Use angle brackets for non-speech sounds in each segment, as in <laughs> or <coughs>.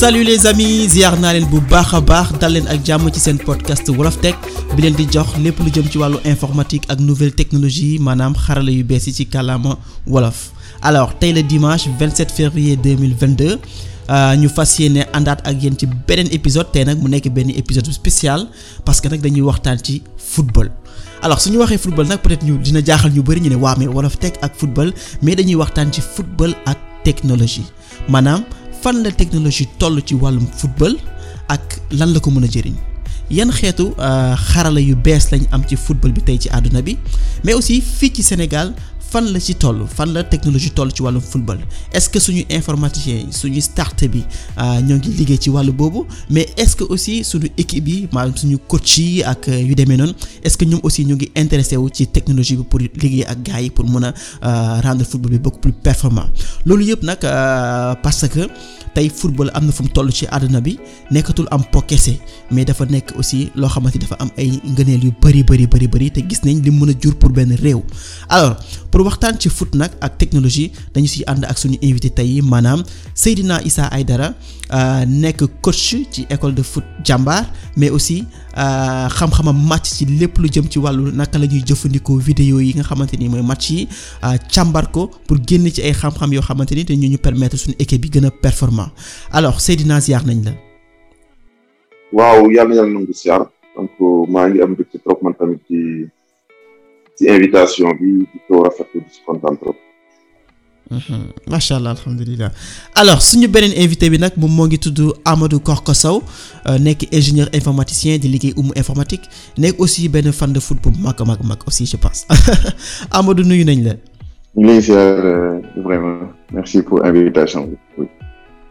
salut les amis ziar naa leen bu baax a baax dal leen ak jàmm ci seen podcast wolof tech bi leen di jox lépp lu jëm ci wàllu informatique ak nouvelle technologie maanaam xarala yu bees yi ci kàllaama wolof alors tey le dimanche 27 février 2022 euh, ñu fas yéene àndaat ak yéen ci beneen épisode tey nag mu nekk benn épisode spécial parce que nag dañuy waxtaan ci football. alors suñu waxee football nag peut dina jaaxal ñu bëri ñu ne waa mais wolof tech ak football mais dañuy waxtaan ci football ak technologie maanaam. fan la technologie toll ci wàllum football ak lan la ko mën a jëriñ yan xeetu euh, xarala yu bees lañ am ci football bi tey ci àdduna bi mais aussi fii ci Sénégal fan la ci toll fan la technologie toll ci wàllum football est-ce que suñu informaticiens suñu start bi euh, ñoo ngi liggéey ci wàllu boobu mais est-ce que aussi suñu équipe bi maanaam suñu coach yi ak euh, yu demee noonu est-ce que ñoom aussi ñu ngi intéressé wu ci technologie bi pour liggéey ak gars yi pour mën a rendre football bi beaucoup plus performant loolu yëpp nag parce que. tey football am na fu mu toll ci àdduna bi nekkatul am po kese mais dafa nekk aussi loo xamante dafa am ay ngëneel yu bari bari bari bari te gis nañ li mën a jur pour benn réew alors pour waxtaan ci foot nag ak technologie dañu si ànd ak suñu invité tey maanaam Seydina Issa Aidara euh, nekk coach ci école de foot jàmbaar mais aussi euh, xam-xamam match ci lépp lu jëm ci wàllu naka la ñuy jëfandikoo vidéo yi nga xamante ni mooy match yi euh, càmbar ko pour g ci ay xam-xam yoo xamante ni te ñu ñu permettre suñu équipe bi gën a mouvement alors Seydina nañ la. yàlla na yàlla nangu ziar donc maa mhm. suñu beneen invité bi nag moom moo ngi tudd Amadou Korka Sow euh, nekk ingénieur informaticien di liggéey umu informatique nekk aussi benn fan de foot bu mag a mag mag aussi je pense <laughs> Amadou nuyu nañ la.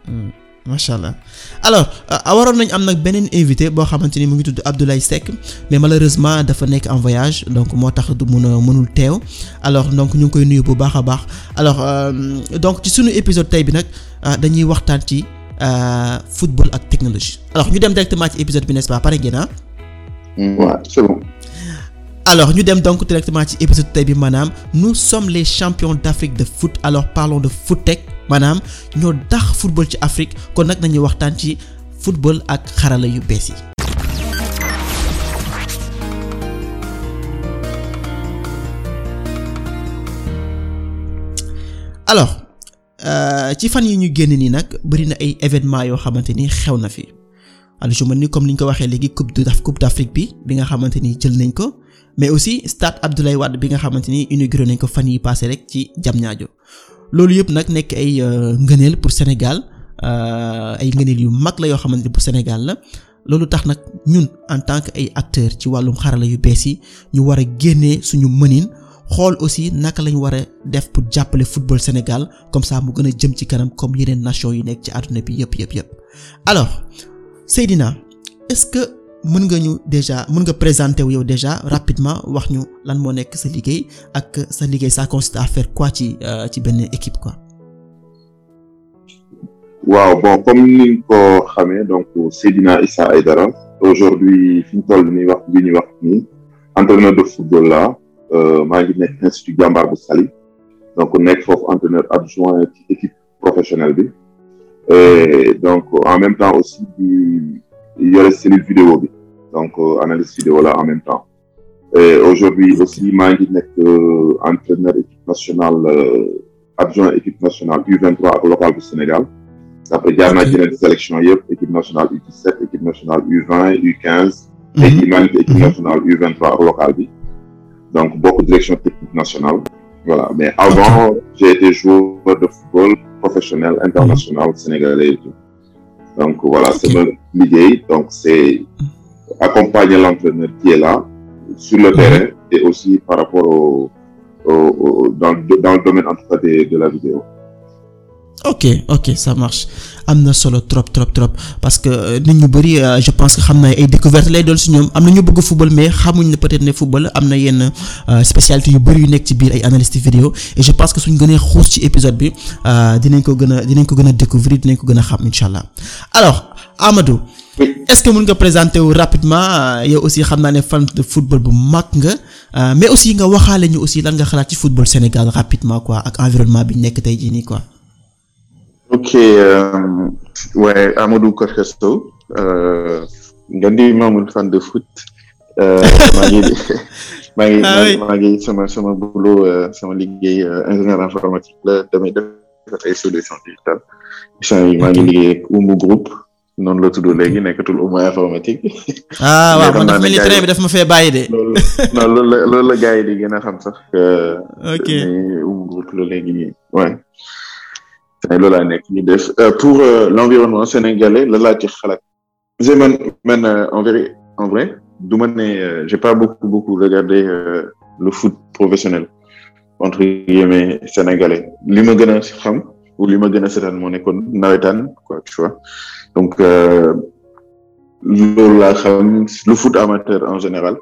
Hmm. macha allah alors euh, waroon nañu am nag beneen invité boo xamante ni mu ngi tudd Abdoulaye Seck mais malheureusement dafa nekk en voyage donc moo tax du mun a mënul teew alors donc ñu ngi koy nuyu bu baax a baax alors euh, donc ci sunu épisode tey bi nag euh, dañuy waxtaan ci football ak technologie alors ñu dem directement ci épisode bi n'est-ce pas pare ah? hmm, ñu dem donc directement ci épisode tey bi maanaam nous sommes les champions d'Afrique de foot alors parlons de foot teg maanaam ñoo dax football ci Afrique kon nag nañuy waxtaan ci football ak xarala yu bees yi. alors euh, ci fan yi ñu génne nii nag bari na ay événements yoo xamante ni xew na fi aljuma ni comme ni ñu ko waxee léegi coupe du coupe d'Afrique bi bi nga xamante ni jël nañ ko mais aussi stade Abdoulaye Wade bi nga xamante ni inauguré nañ ko fan yi passé rek ci jam Diamniadio loolu yëpp nag nekk ay euh, ngëneel pour Sénégal euh, ay ngëneel yu mag la yoo xamante ne bu Sénégal la loolu tax nag ñun en tant que ay acteurs ci wàllum xarala yu bees yi ñu war a génnee suñu mënin xool aussi naka lañ war a def pour jàppale football Sénégal comme ça mu gën jëm ci kanam comme yeneen nations yi nekk ci àdduna bi yëpp yëpp yëpp alors Seydina est mën nga ñu déjà mën nga présenter wu yow déjà rapidement wax ñu lan moo nekk sa liggéey ak sa liggéey ça consiste à faire quoi ci euh, ci benn équipe quoi. waaw bon comme ni ko xamee donc Seydina Issa Aïdara aujourd'hui fi ñu toll nii wax bi ñuy wax nii entraîneur de football la euh, maa ngi nekk institut Diambar bu Saly donc nekk foofu entraîneur adjoint ci équipe professionnelle bi donc en même temps aussi yore série vidéo donc euh, analyse vidéo la en même temps et aujourd'hui aussi maa ngi nekk euh, entraîneur équipe nationale euh, adjoint équipe nationale U23 ak local Sénégal après jaar naa sélection yëpp équipe nationale U17 équipe nationale U20 U15 U23 ak donc bokk direction technique nationale voilà mais avant j'ai été joueur de football professionnel international sénégalais Donc voilà, okay. c'est notre Donc l'entraîneur qui est là, sur le mhm. terrain, et aussi par rapport au, au, au dans, dans, le domaine en tout cas de la vidéo. ok ok ça marche am na solo trop trop trop parce que euh, nit ñu bëri euh, je pense que xam na ay découverte lay doon si ñoom am na ñu bëgg football mais xamuñ ne peut-être ne football am na yenn euh, spécialité yu bëri yu nekk ci biir ay analystes vidéo et je pense que suñ gënee xuus ci épisode bi dinañ ko gën dinañ ko gën a découvrir dinañ ko gën a xam incha allah alors Amadou. est-ce que mën nga présenter wu rapidement yow aussi xam naa ne fan de football bu mag nga mais aussi nga waxaale ñu aussi lan nga xalaat ci football Sénégal rapidement quoi ak environnement bi ñu nekk tey jii nii quoi. ok waaye euh, Amadou Korka Sow euh, nga di membre fan de foot. Euh, maa <laughs> ah sama sama boulot sama liggéey ingénieur informatique la damay def ay solution digitale yi maa liggéey ak Umu groupe noonu la tudd léegi nekkatul Umu informatique. ah waaw man dafa mel ma fee bàyyi de. non la loolu la gars yi gën a xam sax. <laughs> ok mais la léegi nii tey loolu nekk ñu def euh, pour euh, l'environnement sénégalais la laa ci xalaat je man man euh, en vrai du ma ne j'ai pas beaucoup beaucoup regardé le foot professionnel entre guillemets sénégalais li ma gën a xam ou li ma gën a seetaan moo nekkoon nawetaan quoi tu vois donc loolu laa xam le foot amateur en général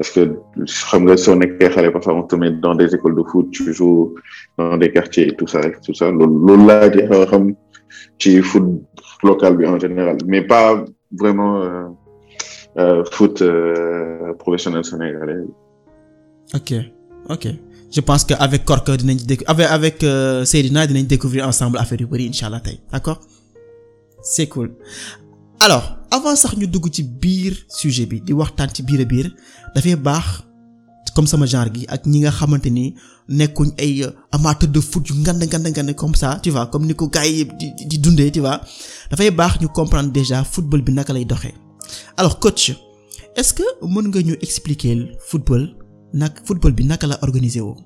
parce que xam nga soo nekkee xale parce que on te dans des écoles de foot tu joues dans des quartiers tout ça rek tout ça loolu loolu ci xaw a ci foot local bi en général mais pas vraiment euh, euh, euh professionnel sénégalais. ok ok je pense que avec Korka dinañ déc avec avec euh, Seydina dinañ découvrir ensemble affaire yu bëri incha allah tey d'accord c'est alors avant sax ñu dugg ci biir sujet bi di waxtaan ci biir a biir dafay baax comme sama genre gi ak ñi nga xamante ni nekkuñ ay euh, amateur de foot yu ngand ngand comme ça tu vois comme ni ko gars yi di dundee tu vois dafay baax ñu comprendre déjà football bi naka lay doxee alors coach est-ce que mën nga ñu expliquer football nag football bi naka la organiser woo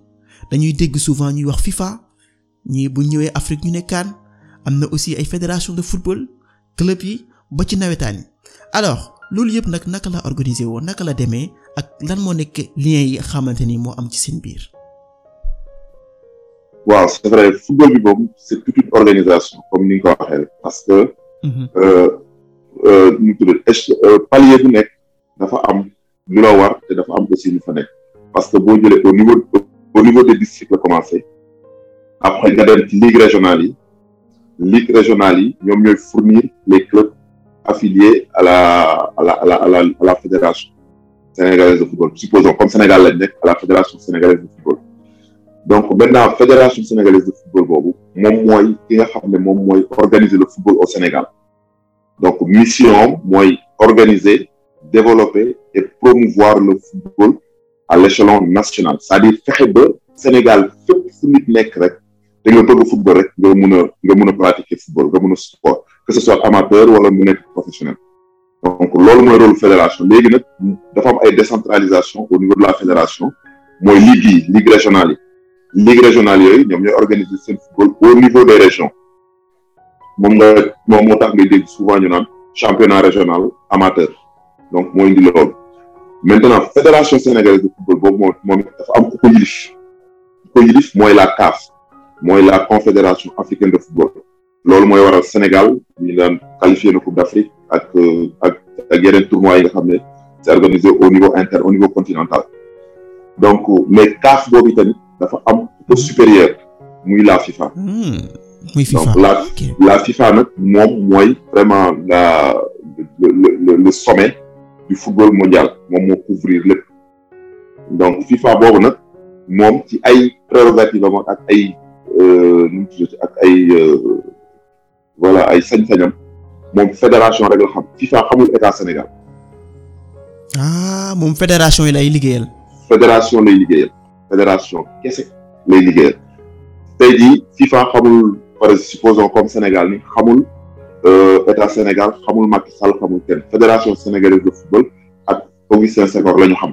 dañuy dégg souvent ñuy wax FIFA ñi bu ñëwee Afrique ñu ne CAN am na aussi ay fédération de football club yi. ba ci nawetaan yi alors loolu yëpp nag naka la organiser woon naka la demee ak lan moo nekk lien yi xamante ni moo am ci seen biir. waaw c'est vrai football bi boobu c'est toute organisation comme ni nga ko waxee parce que. Mhm. Euh, euh, nu mu tudd euh, bu nekk dafa am lu la war te dafa am aussi ñu fa nekk parce que boo jëlee au niveau au niveau des districts la commencé après nga dem ci ligue régionale yi ligue régionale yi ñoom ñooy fournir les clubs. affiliés à la à la à la à la, à la fédération sénégalaise de football supposons comme Sénégal fédération sénégalaise de football. boobu moom mooy ki nga xam ne moom mooy organiser le football au Sénégal donc mission mooy organiser développer et promouvoir le football à l'échelon national cest fexe ba Sénégal fépp fu nekk rek te nga bëgg football rek nga mun a a pratiquer football nga mun a sport que ce soit amateur wala mu nekk professionnel donc loolu mooy rôle fédération léegi nag dafa am ay décentralisation au niveau de fédération mooy ligue yi ligue yi ligue régionale yooyu ñoom ñooy organiser seen football au niveau des régions moom nga moom moo tax ngay dégg souvent ñu naan championnat régional amateur donc moo indi loolu maintenant fédération sénégalaise de football moom moom am ku ko yilif ku ko yilif mooy la CAF mooy la confédération africaine de football loolu mooy waral Sénégal ñu daan qualifié na Coupe d'Afrique ak ak ak yeneen nga xam ne c'est organisé au niveau inter au niveau continental donc mais CAF boobu tamit dafa am peu supérieur muy la FIFA. Hmm, muy la la FIFA nag moom mooy vraiment la le le le du football mondial moom moo couvrir lépp donc FIFA boobu nag moom ci ay prérogatives am ak ay euh, nu mu tuddati ak ay. Euh, voilà ay sañ-sañam moom fédération rek la xam FIFA xamul état Sénégal. ah moom fédération yi lay liggéeyal. fédération lay liggéeyal. fédération kese tey jii FIFA xamul par supposons comme Sénégal ni xamul euh, état Sénégal xamul mak Sall xamul kenn fédération sénégalaise de football ak Augustin Senghor la ñu xam.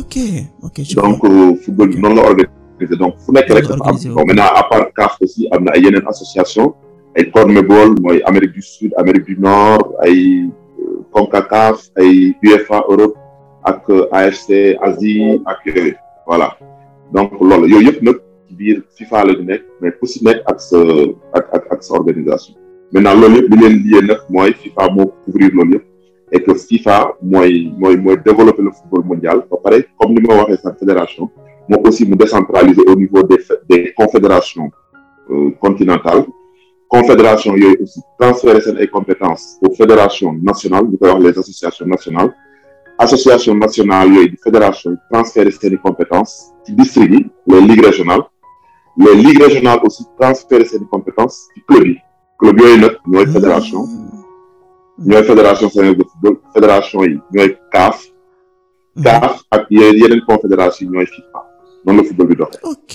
ok ok donc euh, football bi noonu la organisé donc fu nekk rek dafa am bon a à part CAF aussi am na ay yeneen association ay Corne Bowl mooy Amérique du Sud Amérique du Nord ay euh, CONCACAF ay UEFA Europe ak euh, AFC Asie ak yooyu voilà donc lool yooyu yëpp nag ci biir FIFA la ñu nekk mais ku si nekk ak sa ak ak ak sa organisation maintenant loolu yëpp li leen lié nag mooy FIFA moo couvrir loolu yëpp et que FIFA mooy mooy mooy développer le football mondial ba comme ni ma waxee sa fédération moo aussi mu décentraliser au niveau des des confédérations euh, continentales confédération yooyu aussi transférer seen ay compétences aux fédérations nationales ñu koy wax les associations nationales association nationale yooyu di fédération transférer seen i compétences ci districts yi les ligues régionales les ligues régionales aussi transférer seen i compétences ci club yi yooyu nag ñooy fédération ñooy fédération sénégalaise de football fédération yi ñooy CAF mm-hmm. CAF ak yeneen confédération yi ñooy FIFA noonu la football bi doxee. ok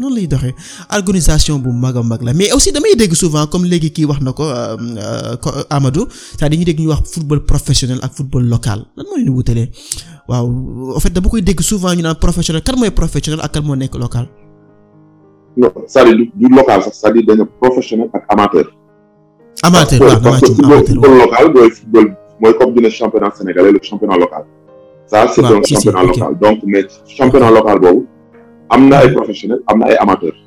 noonu lay doxe organisation bu mag a mag la mais aussi damay dégg souvent comme léegi kii wax na ko euh, Amadou cest à ñu dégg ñu wax football professionnel ak football local lan moo leen waaw en fait dama dégg souvent ñu naan professionnel kan mooy professionnel ak moo nekk local. non c'est-à-dire du local sax c'est-à-dire dañu professionnel championnat sénégalais le championnat local. donc mais championnat local boobu. am na ay professionnels am na ay amateurs.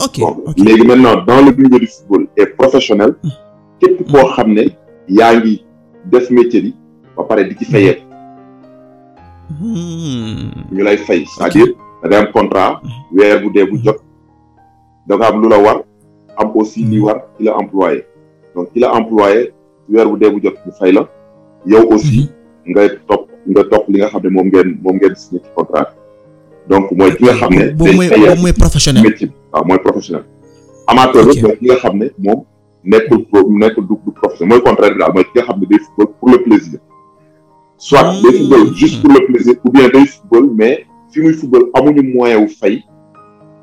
ok ok léegi maintenant dans le milieu du football et professionnel. Hmm. képp koo xam ne yaa ngi def métier bi ba pare di ci hmm. fayeeku. Hmm. ñu lay fay c'est-à-dire da ngay contrat weer bu dee jot da am lu la war am aussi li war ki la employé donc ki la weer bu dee jot ñu fay la yow aussi nga topp nga topp li nga xam ne moom ngeen moom ngeen signé contrat donc mooy ki nga xam ne. boobu mooy professionnel métier waaw ah, mooy professionnel. amateur bi mooy ki nga xam ne moom nekkul pro nekkul du du professionnel mooy contraire bi daal mooy ki nga xam ne day football pour le plaisir. soit hmm. day football juste pour le plaisir ou bien day football mais fi muy football amuñu moyen wu fay.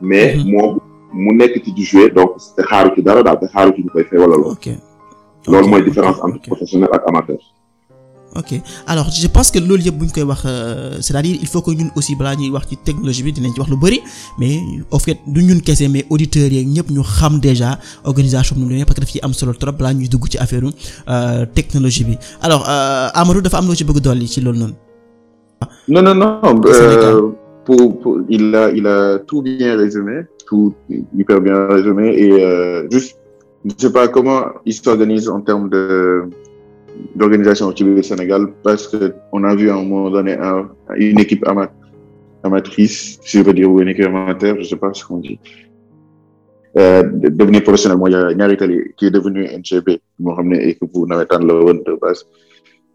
mais hmm. moom mu nekk ci di jouer donc te xaaru ci dara daal te xaaru ci ñu koy fay wala loolu. loolu mooy différence entre professionnel ak amateur. ok alors je pense que loolu yëpp bu ñu koy wax euh, c'est-à-dire il faut que ñun aussi balaa ñuy wax ci technologie bi dinañ ci wax lu bari mais au fait du ñun kese mais auditeurs yeeg ñëpp ñu xam déjà organisation bi nu mu demee parce que daf am solo trop balaa ñuy dugg ci affaire euh, technologie bi alors euh, Amadou dafa am loo ci bëgg dolli ci loolu noonu. non non non. pour il a il a tout bien résumé tout hyper bien résumé et euh, juste je sais pas comment il s'organise en termes d'organisation ci biir Sénégal parce que on a vu à un moment donné une équipe amateur je euh, professionnel mooy ñaari Italie qui est devenu NGB moo xam ne équipe bu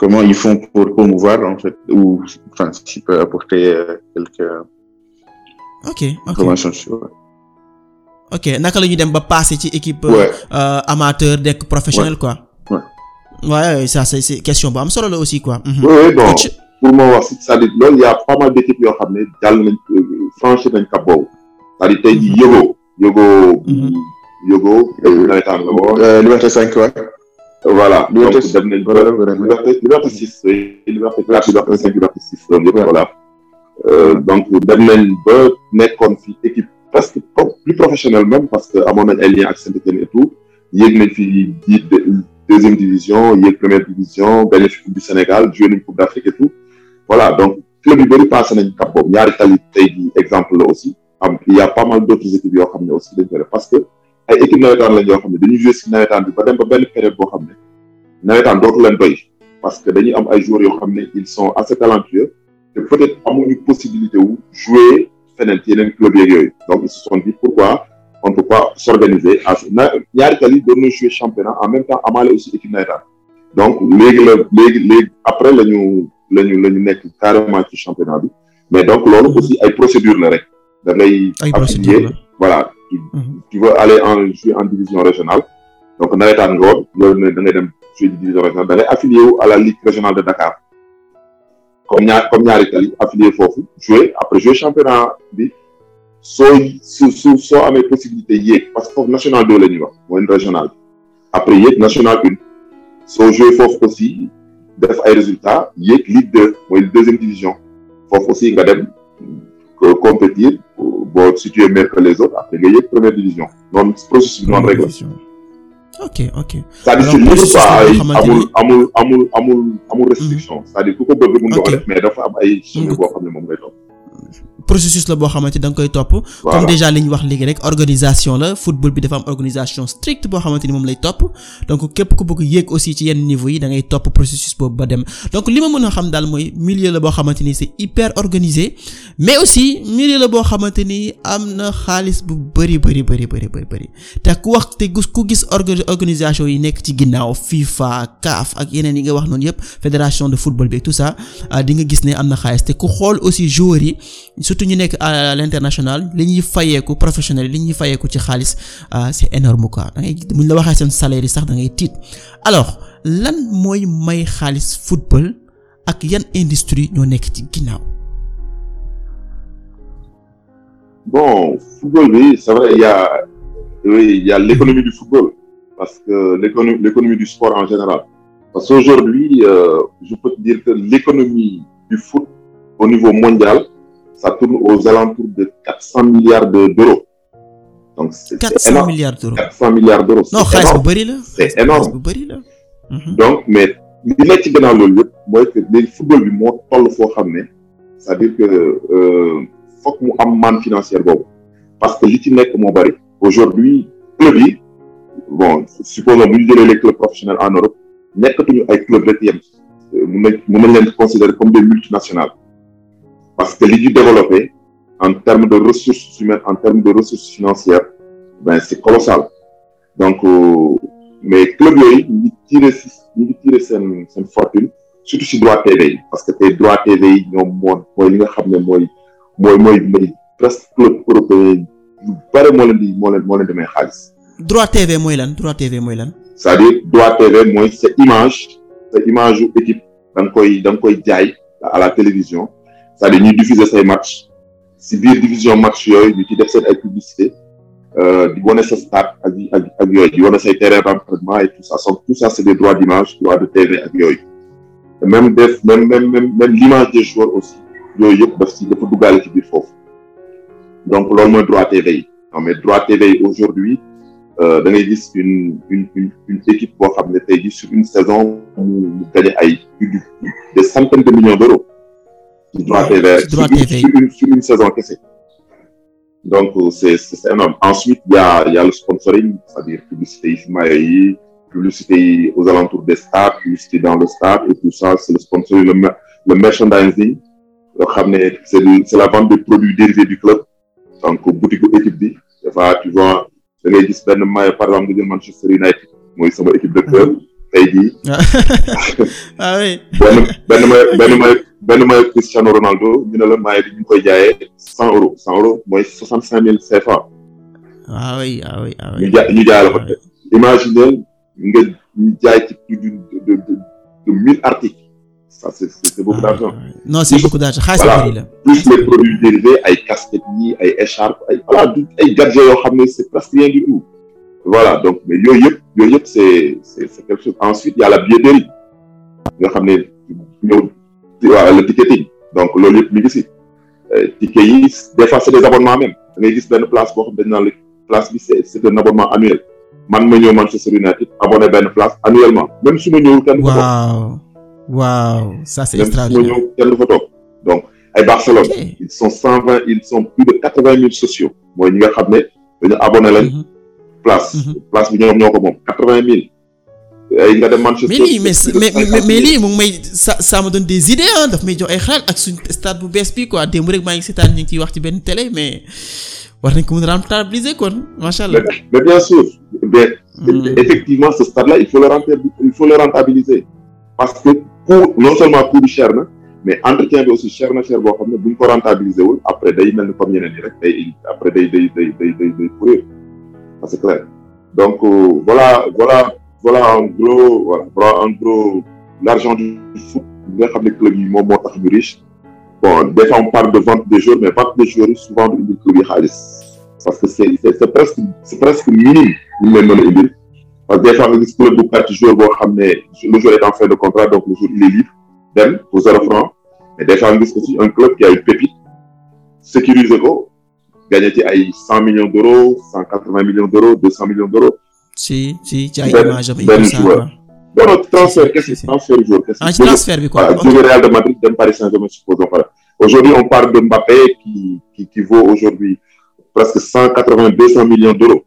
comment ils font pour promouvoir en fait ou enfin apporter euh, quelques ok naka la ñuy dem ba passer ci équipe. Euh, amateur dekk professionnel quoi. waaw sa c'est c'est question bu am solo la aussi quoi. Mhm. oui bon pour moo wax c'est-à-dire loolu y a pas mal d'équipes yoo xam ne jàll nañ franchi nañ cap boobu c'est-à-dire tey jii mhm. Yogo. Yogo. Mhm. Yogo. nawetaan la woon. Liberté 5 waay. Euh, voilà nañ ba Liberté Liberté 6. Liberté 4 Liberté 5 Liberté 6 loolu yëpp voilà. Euh, donc dem nañ ba nekkoon fi équipe parce que amoon nañ ay liens ak Saint-Étienne et tout yéeg nañ fi di deuxième division yéeg première division gagné fi coupe du Sénégal joué nañ coupe d'Afrique et tout voilà donc club yu bëri passé nañ cap boobu ñaari tali tey jii exemple la aussi am il a pas mal d'autres équipes yoo xam ne aussi dañ parce que ay équipe nawetaan lañ yoo xam ne dañuy joué si nawetaan bi ba dem ba benn période boo xam ne nawetaan dootu leen doy parce que dañu am ay joueurs yoo xam ne ils sont assez talentueux te peut-être amuñu possibilité wu jouer feneen on ne peut pas s'organiser à ñaari tali doon nañu jouer championnat en même temps amaale aussi équipe nawetaan donc léegi la léegi léegi après la ñu la la ñu nekk carrément ci championnat bi mais donc loolu mhm. aussi ay procédure la rek da ngay appliquer voilà tu, mmh. tu veux aller en jouer en division régionale donc nawetaan nga woon loolu ne da ngay dem jouer division régionale da ngay wu à la ligue régionale de Dakar comme ñaar comme ñaari tali affilié foofu jouer après jouer championnat bi soo su soo amee possibilité yéeg parce que national deux la ñuy wax mooy régional après yéeg national une soo joué foofu aussi def ay résultat yéeg ligue deux mooy deuxième division foofu aussi nga dem compétir boo situé meilleur que les autres après nga yéeg première division noonu processus bi noonu c'est-à-dire libre quoi amul amul amul amul amul restriction mhm. cest à mais dafa am ay chemin moom ngay topp processus la boo xamante da nga koy topp comme déjà li ñu wax léegi rek organisation la football bi dafa am organisation stricte boo xamante ni moom lay topp donc képp ku bëgg yéeg aussi ci yenn niveau yi da ngay topp boobu ba dem donc li ma mën a xam daal mooy milieu la boo xamante ni c'est hyper organisé mais aussi milieu la boo xamante ni am na xaalis bu bari bari bari bari bari bari te ku wax te ku gis organisation yi nekk ci ginnaaw FIFA CAF ak yeneen yi nga wax noonu yépp fédération de football bi tout ça ah, surtout ñu nekk à l'international li ñuy fayeeku professionnel li ñuy fayeeku ci xaalis ah, c'est énorme quoi da ngay bu ñu la waxee seen salaire sax da ngay tiit alors lan mooy may xaalis football ak yan industrie ñoo nekk ci ginnaaw. bon football bi c'est vrai il y a l'économie du football parce que l'économie du sport en général parce qu'aujourd'hui euh, l'économie du foot au niveau mondial ça tourne aux alentours de 400 milliards d'euros. donc c'est 400 milliards d'euros 400 milliards bu bëri la c'est énorme bu bëri la. Mhm. donc mais li nekk ci gannaaw loolu yëpp mooy que léegi football bi moo toll foo xam ne c'est-à-dire que euh, foog mu am manne financière boobu parce que li ci nekk moo bëri. aujourd'hui club yi bon supposons bu ñu jëlee les clubs professionnels en Europe nekkatuñu ay club rek yem euh, mun nañ mun nañ comme des multinationales. parce que li ñu développé en terme de ressources humaines en termes de ressources financières ben c'est colossal donc euh, mais club yooyu ñu ngi tiré si ñu ngi tiré seen seen fortune surtout si droit TV yi parce que tey droit TV yi ñoom moo mooy li nga xam ne mooy mooy mooy mooy presque club européen yu bare moo leen moo leen moo demee xaalis. droit TV mooy lan droit TV mooy lan. c'est-à-dire droit TV mooy sa image sa image yu équipe da koy da koy jaay à la télévision. c'est-à-dire ñuy diffuser say match si biir division match yooyu ñu ci def seen ay publicité euh, di wane sa stade ak ak ak yooyu di wane say terrain d'entraînement et tout ça donc tout ça c'est des droits d'image droits de TV ak yooyu même def même même même des joueurs aussi yooyu yëpp dafa duggaale ci biir foofu donc loolu mooy droit TV yi non mais droit TV yi aujourd'hui euh, da ngay gis une équipe boo ne tey jii sur une saison mu mu gagné ay des centaines de millions ci Droit TV sur une sur une saison kese donc c'est c'est énorme il y a il y a le sponsoring c'est-à-dire publicité yi ci maillot publicité aux alentours des stades publicité dans le stade et tout ça sponsoring le merchandising yoo xam ne c'est c'est la vente des produits dérivés du club donc boutique équipe bi des fois tu vois da ngay gis par exemple nga jël Manchester United mooy sama équipe de club ah tey jii. <laughs> ah oui benn benn maillot benn maillot Cristiano Ronaldo ñu ne la maillot bi ñu ngi koy jaayee cent euros cent euros mooy soixante cinq mille CFA. ah oui ah oui ah oui. ñu ja ñu jaay la ko tey. Ah imaginez nga ñu jaay ci plus de de mille articles. ça c' est c' est beaucoup ah d' argent. Ah non c' est beaucoup d' argent xaalis la bëri la. plus les produits dérivés ay casquettes yi ay écharpes ay voilà ay gadgets yoo xam ne c' est presque rien du tout. voilà donc mais yooyu yëpp yooyu yëpp c' est c' est quelque chose ensuite y a la billetterie nga xam ne ñëw. waaw le ticketing donc loolu yëpp mi ngi si euh, ticket yi des fois c'est des abonnements même da gis benn place boo xam dañ naan la place bi c'est un abonnement annuel man ma ñëw Manchester United abonné benn place annuellement même su ma ñëwul kenn du fa toog waaw ça c'est extraordinaire su ma ñëw kenn du fa toog donc ay Barcelone okay. ils sont cent vingt ils sont plus de quatre vingt mille sociaux mooy ñi nga xam ne dañu abonné leen mhm. place mhm. place bi ñoom ñoo ko moom quatre vingt mille ay nga dem Manchester. mais lii mais mais mais lii mu ngi may sa ça me donne des idées ah daf may jox ay xalaat ak suñ stade bu bees bi quoi démb rek maa ngi seetaan ñu ngi ciy wax ci benn télé mais war nañ ko mën a rentabiliser kon macha allah. mais bien sûr. mais hmm. effectivement ce stade là il faut le rentabiliser il faut le rentabiliser parce que coût non seulement coût bi cher na. mais entretien bi aussi cher na cher boo xam ne bu ñu ko rentabiliser wul après day mel ni comme yeneen yi rek day après day day day day day day courir c'est clair donc euh, voilà voilà. voilà en gros voilà l'argent du foot bi nga xam ne club yi moom moo tax ñu riche bon on parle de vente des joueurs mais vente des joueurs yi souvent du indil club yi xaalis parce que c'est c'est presque minime ñu leen mën a parce que des fois nga gis club bu perte joueur boo xam ne le joueur est de contrat donc le joueur il est libre dem pour zéro franc mais des fois nga gis aussi club qui a une pépite sécuriser gagné ci ay cent millions d'euros cent quatre-vingts millions d'euros deux cents millions si si ci ay image am. benn joueur non non transfert qu'est-ce que transfert joueur. ah ci transfert bi quoi jóge Real de Madrid dem Paris Saint-Germain on parle de Mbappé qui vaut aujourd'hui presque cent quatre-vingt deux cents millions d'euros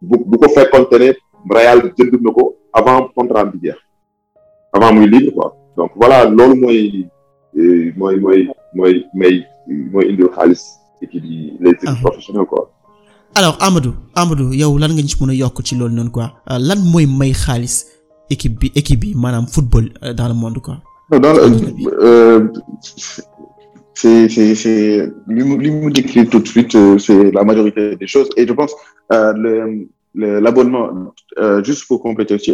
bu bu ko fekkoon te ne Real jënd ko avant contrat bi jeex avant muy libre quoi donc voilà loolu mooy euh, mooy mooy mooy may mooy indil xaalis équipe les équipes ah. professionnelles quoi. alors Amadou Amadou yow lan nga ñu mën yokk ci loolu noonu quoi euh, lan mooy may xaalis équipe bi équipe bi maanaam football euh, dans le monde quoi. non dans le euh, c'est c'est li mu li tout de suite c'est la majorité des choses et je pense euh, le le l'abonnement euh, juste pour compléter aussi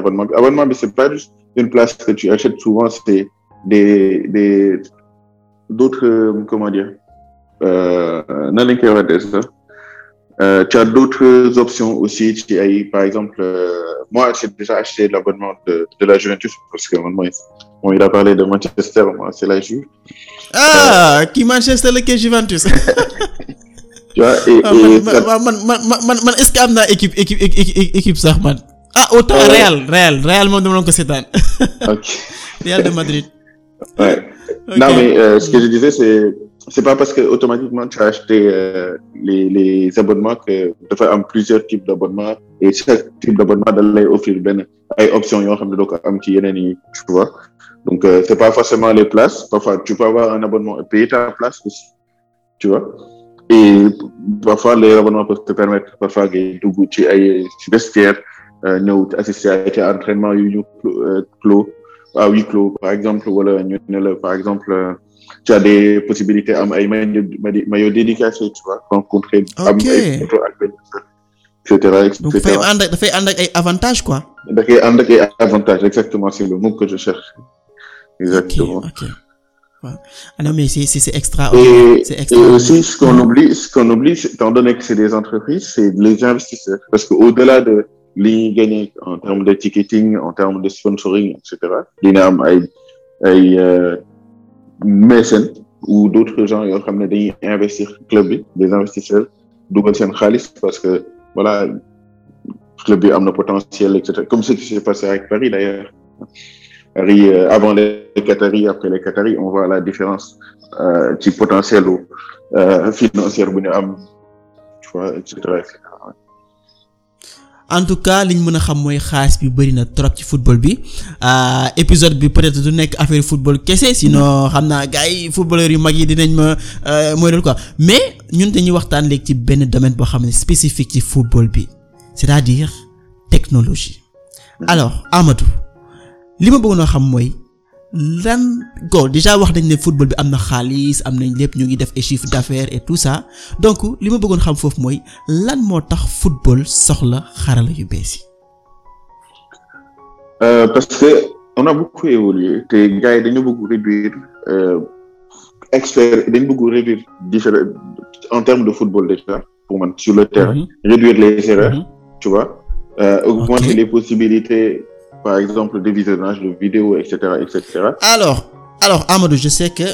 abonnement abonnement bi c'est pas juste une place que tu achètes souvent c'est des des d'autres comment dire nan lañ koy waxee Euh, tu as d'autres options aussi. Tu as, par exemple, euh, moi, j'ai déjà acheté l'abonnement de, de, la Juventus parce que moi, bon, il a parlé de Manchester, moi, c'est la Juve. Ah, euh, qui Manchester, lequel Juventus <laughs> Tu vois, et. Ah, et man, ça... man, man, man est-ce qu'il y a une équipe, équipe, équipe, équipe, ça, man Ah, autant ouais. Euh, Real, Real, Real, moi, je que c'est un. Ok. Real de Madrid. Ouais. Okay. Non, mais euh, ce que je disais, c'est c'est pas parce que automatiquement tu as acheté euh, les abonnements que dafa am plusieurs types d'abonnements et chaque type d'abonnement da lay offrir benn ay options yoo xam ne doo ko am ci yeneen yi tu vois donc euh, c'est pas forcément les places parfois tu peux avoir un abonnement et payer ta place aussi tu vois et parfois les abonnements peuvent te permettre parfois ngay dugg ci ay ci vestiaire euh, ñëw assister à ci entraînement yu ñu euh, clos à ah, huis clos par exemple wala ñu ne la par exemple. tu as des possibilités am ay maillot dédicacé tu vois rencontrer am ay photo ak benn et cetera donc dafay ànd ak dafay ànd quoi. da koy ànd ak ay avantages exactement c'est le mot que je cherche. exactement ok ok waaw ah non mais c'est c'est extraordinaire. c'est extraordinaire et aussi ce qu'on oublie ce qu'on oublie donné que c'est des entreprises c'est les investisseurs parce que au-delà de li ñuy gagner en termes de ticketing en termes de sponsoring et cetera dina am ay ay. Euh, mécènes ou d'autres gens yoo xam ne dañuy investir club bi des investisseurs dugal seen xaalis parce que voilà club bi am na potentiel et comme ce qui s'est passé avec Paris d'ailleurs Paris euh, avant les Qataris après les Qataris on voit la différence euh, ci euh, potentiel euh, financier bu ñu am tu en tout cas li ñu mën a xam mooy xaalis bi bëri na trop ci football bi euh, épisode bi peut-être du nekk affaire football kese sinon xam naa gars yi yu mag yi dinañ ma euh, mooy loolu quoi mais ñun dañuy waxtaan léegi ci benn domaine boo xam ne spécifique ci football bi c'est-à-dire technologie alors Amadou li ma bëggoon a xam mooy lan ko déjà wax nañ ne football bi am na xaalis am nañ lépp ñu ngi def ay chiffre d'affaires et tout ça donc li ma bëggoon xam foofu mooy lan moo tax football soxla xarala yu bees yi. Euh, parce que on a beaucoup évolué te gars yi dañu bëgg réduire euh, expert dañu bëgg réduire différents en termes de football déjà pour man sur le terrain. Mhm. réduire les erreurs. Mhm. tu vois euh, augmenter les possibilités. par exemple de visionnage de vidéo et cetera et cetera. alors alors Amadou je sais que.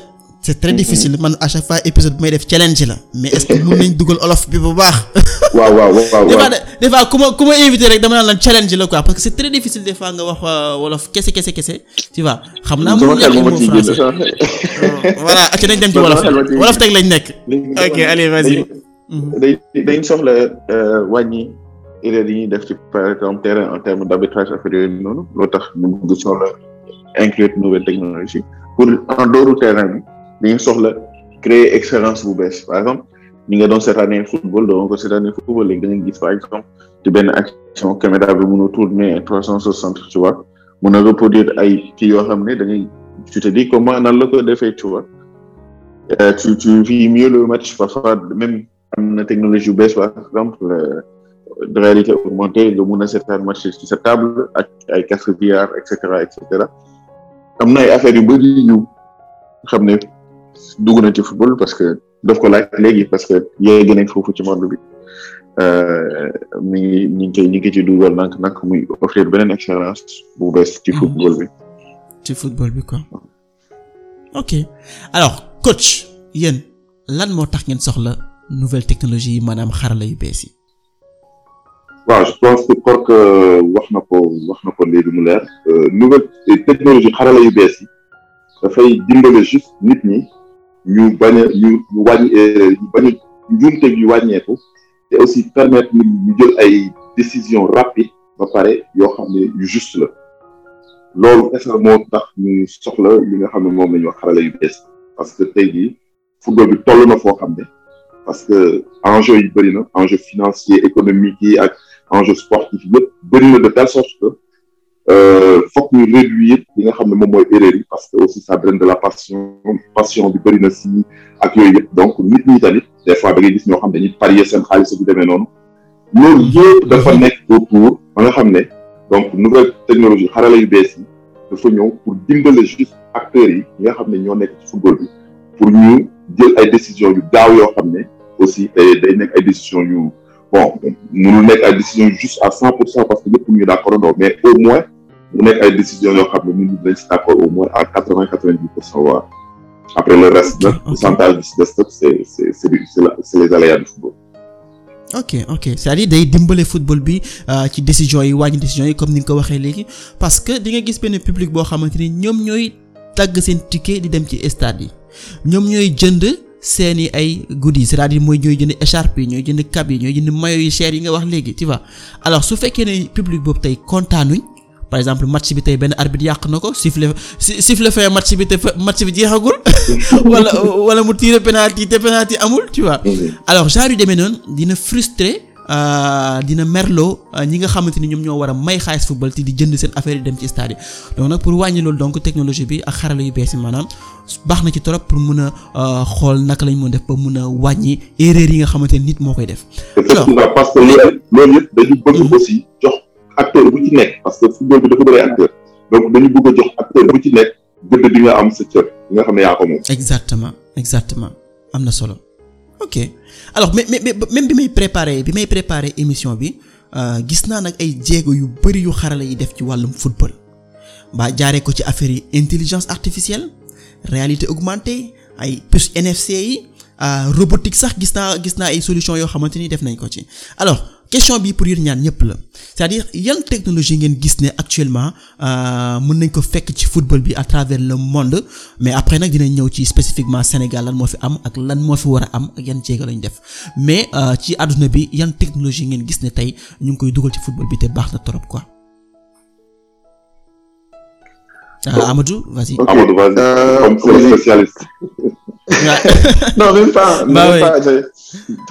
c'est très mm-hmm. difficile man à chaque fois épisode bu may def challenge la mais est-ce nañ dugal olof bi bu baax. <laughs> waaw waaw waaw des fois des fois ku ma ku ma invité rek dama naan lan challenge la quoi parce que c'est très difficile des nga wax euh, wolof kese kese kese tu xam naa moom ñaari mots français <laughs> oh, voilà ak nañ dem ci wolof wolof teg lañ nekk. ok allez vas-y. Mm-hmm. soxla euh, wàññi. erreur yi ñuy def ci par exemple terrain en terme d' arbitrage affaire yooyu noonu loo tax ñu bëgg soxla inclure nouvelle technologie pour en dehors terrain bi dañuy soxla créer excellence bu bees par exemple ñi nga doon seetaanee football doon ko seetaanee football léegi da nga gis par exemple ci benn action caméra bi mën a tourner trois cent soixante tu vois mën a ay kii yoo xam ne da ngay tu te comment nan la ko defee tu vois euh, tu tu vis mieux le na technologie bees par exemple. Euh, de réalité augmentée mun a seetaan marché ci sa table ak ay casque VR et cetera et am na ay affaires yu bëri yu xam ne dugg na ci football parce que def ko laaj léegi parce que yéen gën a foofu ci monde bi euh, mi ngi ñu ngi koy ñu ngi ci dugal nak nak muy offrir beneen expérience bu bees ci football bi. ci football bi quoi. ok alors coach yéen lan moo tax ngeen soxla nouvelle technologie yi maanaam xarala yu bees yi. waaw je pense que Kork euh, wax na ko wax na ko léegi mu leer euh, nouvelle euh, technologie xarala yu bees yi dafay dimbale juste nit ñi ñu bañ a ñu ñu wàññi ñu yu wàññeeku te aussi permettre nit ñu ay décision rapide ba pare yoo xam ne yu juste la loolu kese moo tax ñu soxla li nga xam ne moom la ñuy wax xarala yu bees parce que tey jii football bi toll na foo xam ne parce que enjeu yi bëri na enjeu financier économique yi ak enjeu sportif yëpp bëri na de telle sorte que euh, foog ñu réduire li nga xam ne moom mooy erreur yi parce que aussi sa draine de la passion passion bi bëri na si ak yooyu yëpp donc nit ñi tamit des fois da ngay gis ñoo xam ne ñi dañuy parier seen xaalis bu demee noonu loolu yëpp dafa nekk autour ba nga xam ne donc nouvelle technologie xarala yu bees yi dafa ñëw pour dimbale juste acteurs yi ñi nga xam ne ñoo nekk ci football bi pour ñu jël ay décisions yu gaaw yoo xam ne aussi day day nekk bon mënul nekk ay décision juste à cent pour parce que ñëpp ñu d'accord non mais au moins mu nekk ay décision yoo xam ne ñun dinañ si d'accord au moins à quatre vingt quatre vingt dix pour cent waaw après le reste nag pourcentage bi si des nag c'est c'est c'est c'est les football day dimbale football bi euh, ci décision yi wàññi décision yi comme ni nga ko waxee léegi parce que di nga gis benn public boo xamante ni ñoom ñooy tàgg seen ticket di dem ci stade yi ñoom ñooy jënd seeni ay goodies c'est-à-dire mooy ñooy jënd écharpe yi ñooy jënd cap yi ñooy jënd maillot yu cher yi nga wax léegi tu vois alors su fekkee ne public boobu tey kontaanuñ par exemple match bi tey benn arbitre yàq na ko sifflet sifflet fin match bi te match bi jeexagul <laughs> wala wala mu tiire penalty te penalty amul tu vois alors genre yu demee noonu dina frustré Euh, dina merloo euh, ñi nga xamante ni ñoom ñoo war a may xaalis football te di jënd seen affaire yi dem ci stade yi donc nag pour wàññi loolu donc technologie bi ak xarala yu bees yi maanaam baax na ci trop pour mun a euh, xool naka lañu mën def ba mën a wàññi erreur yi nga xamante ni nit moo koy def. alors parce que loolu yëpp dañu bëgg mhm. jox acteur bu parce que football bi dafa bëri acteur donc dañu bëgg a jox acteur bu ci nekk gëdd bi nga am sa cër nga xam ne yaa ko moom. exactement exactement am na solo. ok alors mais mais même bi may préparer bi may préparer émission bi euh, gis naa nag ay jéego yu bari yu xarala yi def ci wàllum football mbaa jaaree ko ci affaire yi intelligence artificielle réalité augmentée ay puce NFC yi euh, robotique sax gis naa gis naa ay solution yoo xamante ni def nañ ko ci alors. question bi pour yéen ñaan ñëpp la c'est-à-dire yan technologie ngeen gis ne actuellement euh, mën nañ ko fekk ci football bi à travers le monde mais après nag dinañ ñëw ci spécifiquement Sénégal lan moo fi am ak lan moo fi war a am ak yan lañu def mais euh, ci àdduna bi yan technologie ngeen gis ne tey ñu ngi koy dugal ci football bi te baax na trop quoi. Ah, Amadou, vas-y. Okay. Amadou, vas-y.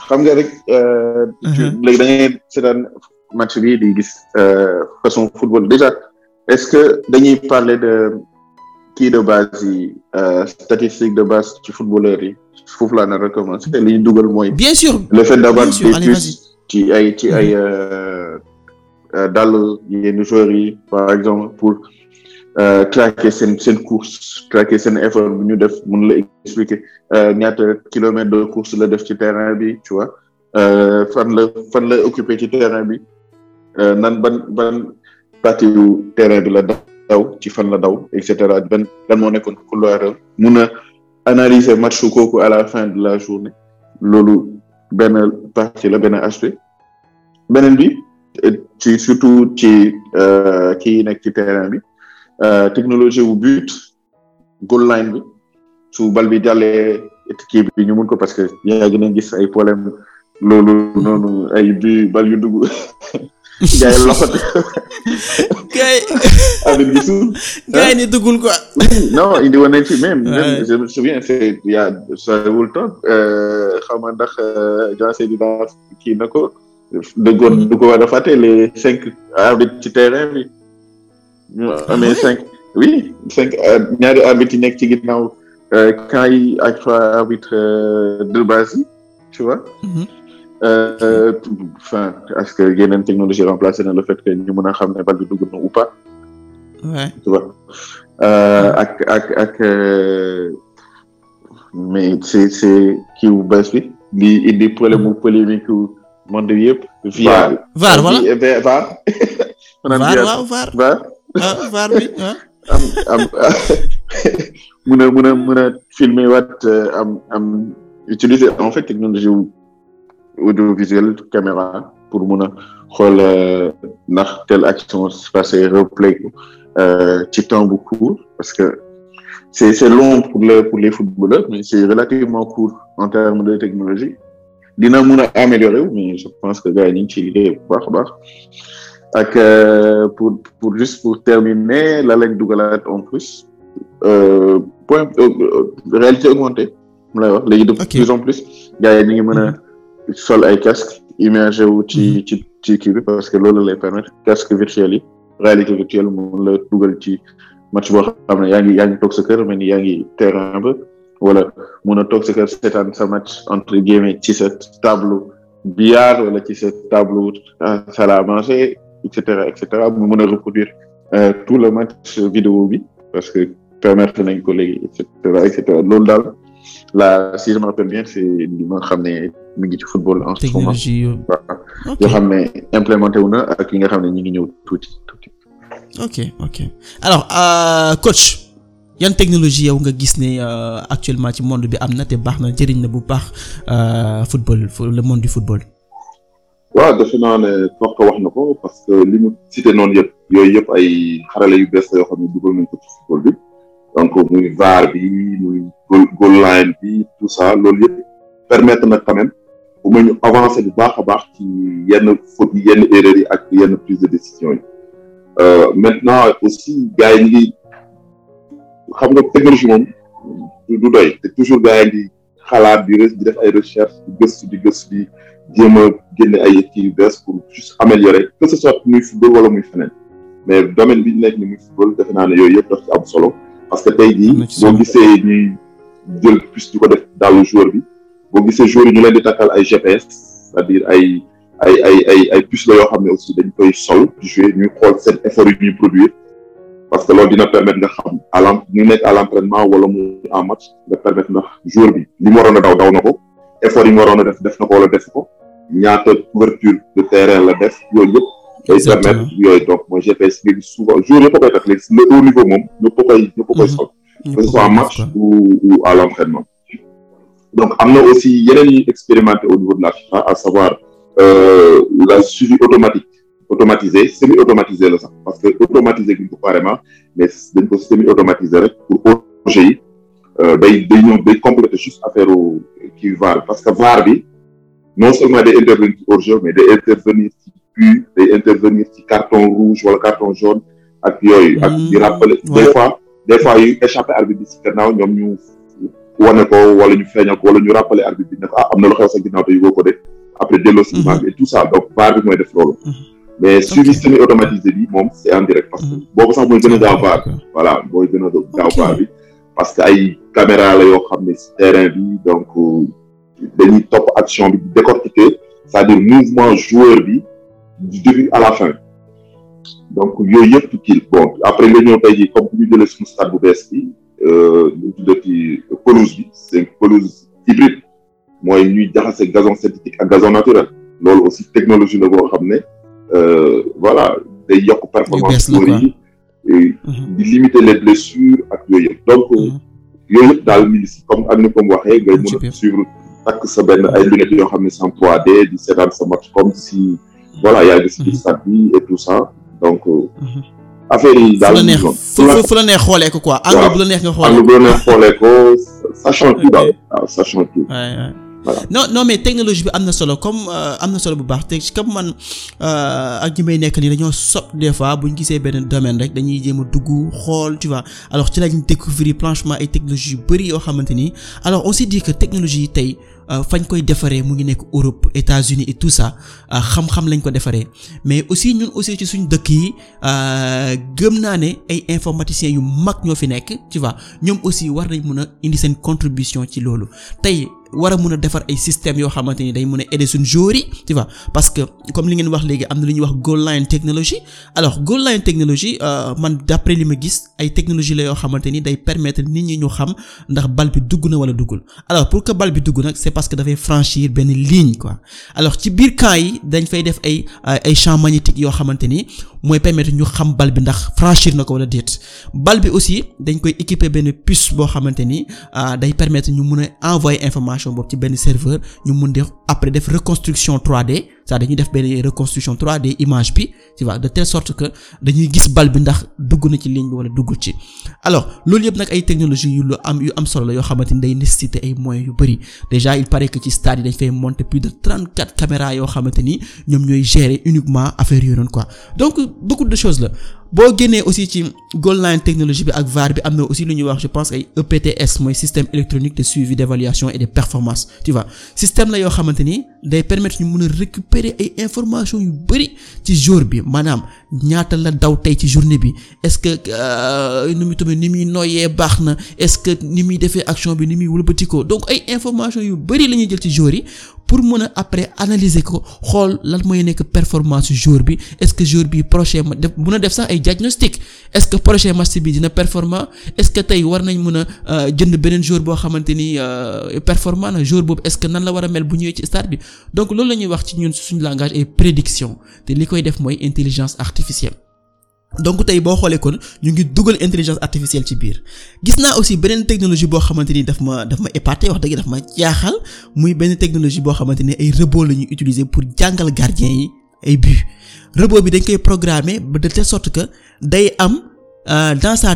xam nga rek. Euh, uh-huh. léegi da ngay seetaan match bi di gis euh, façon football déjà est-ce que dañuy parler de kii de base euh, statistique de base ci footballeurs yi foofu laa na recommencé li ñu dugal mooy. bien sûr le fait d'avoir des ci ay ci ay uh-huh. dàll yenn joueurs yi par exemple pour. traquer euh, seen seen course traquer seen effort bu ñu def mun la expliquer euh, ñaata kilomètre de course la def ci terrain bi tu vois euh, fan la fan la occupé ci terrain bi nan ban ban partie wu terrain bi la daw ci fan la daw et cetera ban moo nekkoon couloir mun a analyser match kooku à la fin de la journée loolu benn partie la benn aspect beneen bi ci surtout ci kii nekk ci terrain bi. Euh, technologie wu but goal line su bal bi jàllee kii bi ñu mun ko parce que yaa ngi gis ay problème loolu noonu ay bi bal yu dugg <laughs> gars yi loxo gars yi amit <laughs> gisul <laughs> gars yi ah? ni duggul quoi non indi woon nañ fi même même je me souviens c'est il y a soriwul euh, toog xaw ma ndax euh, jancé di daa kii na ko dëggoon du ko war a fàtte cinq arbitres ci terrain bi ñu ah amee cinq oui cinq euh, ñaari arbitre yi nekk ci ginnaaw camp euh, yi ak trois de base yi tu vois. Mm-hmm. Euh, enfin est-ce que yeneen technologie remplacé na le fait que ñu mën a xam ne bal bi dugg na ou pas. Ouais. tu mais c'est c'est kii wu bees bi li problème polémique monde bi yëpp. VAR VAR VAR. <laughs> mu ah, vaar bi ah. am am <laughs> mën a mën a euh, utiliser en fait technologie audiovisuelle caméra pour mën a xool euh, ndax telle action se passé replay ko euh, ci temps bu court parce que c'est c'est long pour le pour les footballeurs mais c'est relativement court en termes de technologie dina mën a améliorer mais je pense que gars yi ñu ngi ciy liggéey bu baax baax. ak euh, pour pour juste pour terminer la lañ dugalaat en plus euh, point euh, euh, réalité augmentée mu lay wax léegi de plus en plus gars yi ñu ngi mën a sol ay casque immergé wu ci mhm. ci ci kii bi parce que loolu lay permettre casque virtuel yi réalité virtuelle moom la dugal ci match boo xam ne yaa ngi yaa ngi toog sa kër mel ni yaa ngi terrain ba wala mun a toog sa kër seetaan sa match entre guillemets ci sa tableau billard wala ci sa tableau salle à manger et cetera et cetera mu mën a reproduire euh, tout le match vidéo bi parce que permettre nañ ko léegi et loolu daal la si je me bien c'est li ma xam ne mi ngi ci football en ce euh, yoo xam ne implémenté wu na ak ki nga xam ne ñu ngi ñëw tuuti tuuti ok ok alors euh, coach yan technologie yow nga gis ne euh, actuellement ci monde bi am na te baax na jëriñ na bu baax football le monde du football waaw defe naa ne tontu wax na ko parce que li mu cité noonu yëpp yooyu yëpp ay xarale yu bees la yoo xam ne dugal donc muy VAR bi bi tout ça loolu yëpp permettre na quand même ñu avancer bu baax a baax ci yenn fautes yi yenn erreurs yi ak yenn prise de décision yi euh, maintenant aussi gars yi ngi xam nga technologie moom du doy te toujours gars yi ngi xalaat bi def ay recherche di gëstu bi gëstu di. jéem a génne ay yëkki yu bees pour juste améliorer que ce soit muy football wala muy feneen mais domaine bi ñu nekk ni muy football defe naa ne yooyu yëpp daf ci am solo parce que tey jii boo gisee ñuy jël puce di ko def daalu joueur bi boo gisee joueur yi ñu leen di takkal ay GPS cest ay ay ay ay ay puce la yoo xam ne aussi dañ koy sol di jouer ñuy xool seen effort yi ñuy produire parce que loolu dina permettre nga xam à l'en nekk à l'entraînement wala mu en match nga permettre ndax joueur bi li mu a daw daw na ko effort yi waroon a def def na wala def ko ñaata couverture de terrain la def yooyu yëpp day permettre yooyu donc mooy GPS léegi souvent jour yëpp a koy def le haut niveau moom ñëpp a koy ñëpp mhm. sol que ou ou à l'entraînement donc am na aussi yeneen yi expérimenté au niveau de la FIFA à savoir euh, la suivi automatique automatisé semi automatisé la sax parce que automatisé guñ ko carrément mais dañ ko semi automatisé rek pour projet yi euh, day day ñëw day complété juste affaire kii VAR parce que VAR bi non seulement day intervenir ci hors-jeu mais day intervenir ci but ci carton rouge wala carton jaune ak yooyu. ak di hmm. rappeler des fois des fois yu échappé arbitre ci gannaaw ñoom ñu wane ko wala ñu feeñal ko wala ñu rappeler arbitre bi ne ah, am na lu xew sa te yëgoo ko de après delloo bi hmm. et tout ça donc VAR bi mooy def loolu. Hmm. mais suivi semi automatisé bi moom c'est en direct. parce que boobu sax mooy gën a gaaw VAR. voilà mooy gën a gaaw VAR bi. parce que ay caméra la yoo xam ne ci terrain bi donc. Euh, dañuy topp action bi décortiquer c'est-à-dire mouvement joueur bi du début à la fin donc yooyu yëpp kii bon après nga ñëw tey jii comme bu ñu jëlee suñu stade bu bees bi ñu euh, tuddati pelouse bi c'est mooy ñuy jaxase gazon synthétique ak gazon naturel loolu aussi technologie la boo xam ne euh, voilà day yokk performance joueurs yi mhm. di limiter les blessures ak yooyu yëpp donc mhm. yooyu yëpp daal mi comme ak ni ko waxee ngay mën suivre takk sa benn ay lunettes yoo xam ne sans 3D di seetaan sa match comme si voilà yaa ngi si biir stade tout ça donc. Euh, mhm. affaire yi daal fu la ne fu la neex xoolee ko quoi. angle bu la neex nga xoolee ko angle bu la neex xoolee ko sachant tout <laughs> no non mais technologie bi am na solo comme euh, am na solo bu baax te comme man euh, ak ñi may nekk nii dañoo sopp des fois bu ñu gisee benn domaine rek dañuy jéem a dugg xool tu vois alors ci lañ découvrir franchement ay technologie yu bari yoo xamante ni alors on s'est dit que technologie yi tey euh, fañ koy defaree mu ngi nekk Europe États-Unis et tout sax xam-xam lañ ko defaree mais aussi ñun aussi ci suñu dëkk yi gëm naa ne ay informaticiens yu mag ñoo fi nekk tu vois ñoom aussi war nañ mun a indi seen contribution ci loolu tey. war a mën a defar ay système yoo xamante ni day mën a aider suñu joueurs yi parce que comme li ngeen wax léegi am na lu ñu wax goal line technology alors goal line technology euh, man d'après li ma gis ay technologie la yoo xamante ni day permettre nit ñi ñu xam ndax bal bi dugg na wala duggul pour que bal bi dugg nag c'est parce que dafay franchir benn ligne quoi alors ci biir camp yi dañ fay def ay euh, ay champs yoo xamante ni mooy permettre ñu xam bi ndax franchir na ko wala déet bal bi aussi dañ koy équiper benn puce boo xamante ni euh, day permetre ñu mun a envoyé information information boobu ci benn serveur ñu mun di après def reconstruction trois d c'est-à-dire ñu def benn reconstruction 3D image bi tu de telle sorte que dañuy gis bal bi ndax dugg na ci ligne bi wala duggul ci alors loolu yëpp nag ay technologie yu lu am yu am solo yoo xamante ni ñoom ñooy gérer uniquement affaire yooyu noonu quoi donc boo génnee aussi ci goal line technologie bi ak VAR bi am na aussi lu ñuy wax je pense ay EPTS mooy système électronique de suivi d'évaluation et de performance système la yoo xamante ni récupérer ay information yu bëri ci jour bi maanaam ñaata la daw tey ci journée bi est-ce que euh, nu mu tamit ni muy noyee baax na est-ce que ni muy defee action bi ni muy wëlbatikoo donc ay information yu bëri la ñuy jël ci jour yi pour mën a après analyser ko xool lan mooy nekk performance jour bi est-ce que jour bi prochain ma def mën a def sax ay diagnostic est-ce que prochain match bi dina performant est que tey war nañ mën a euh, jënd beneen jour boo xamante ni euh, performant na jour boobu est que nan la war a mel bu ñëwee ci stade bi donc loolu la ñuy wax ci ñun suñu langage ay prédiction te li koy def mooy intelligence artificielle donc tey boo xoolee kon ñu ngi dugal intelligence artificielle ci biir gis naa aussi beneen technologie boo xamante ni daf ma daf ma épaté wax dëgg daf ma jaaxal muy benn technologie boo xamante ni ay robot la ñuy utiliser pour jàngal gardien yi ay but robot bi dañ koy programme ba de telle sorte que day am euh, dans sa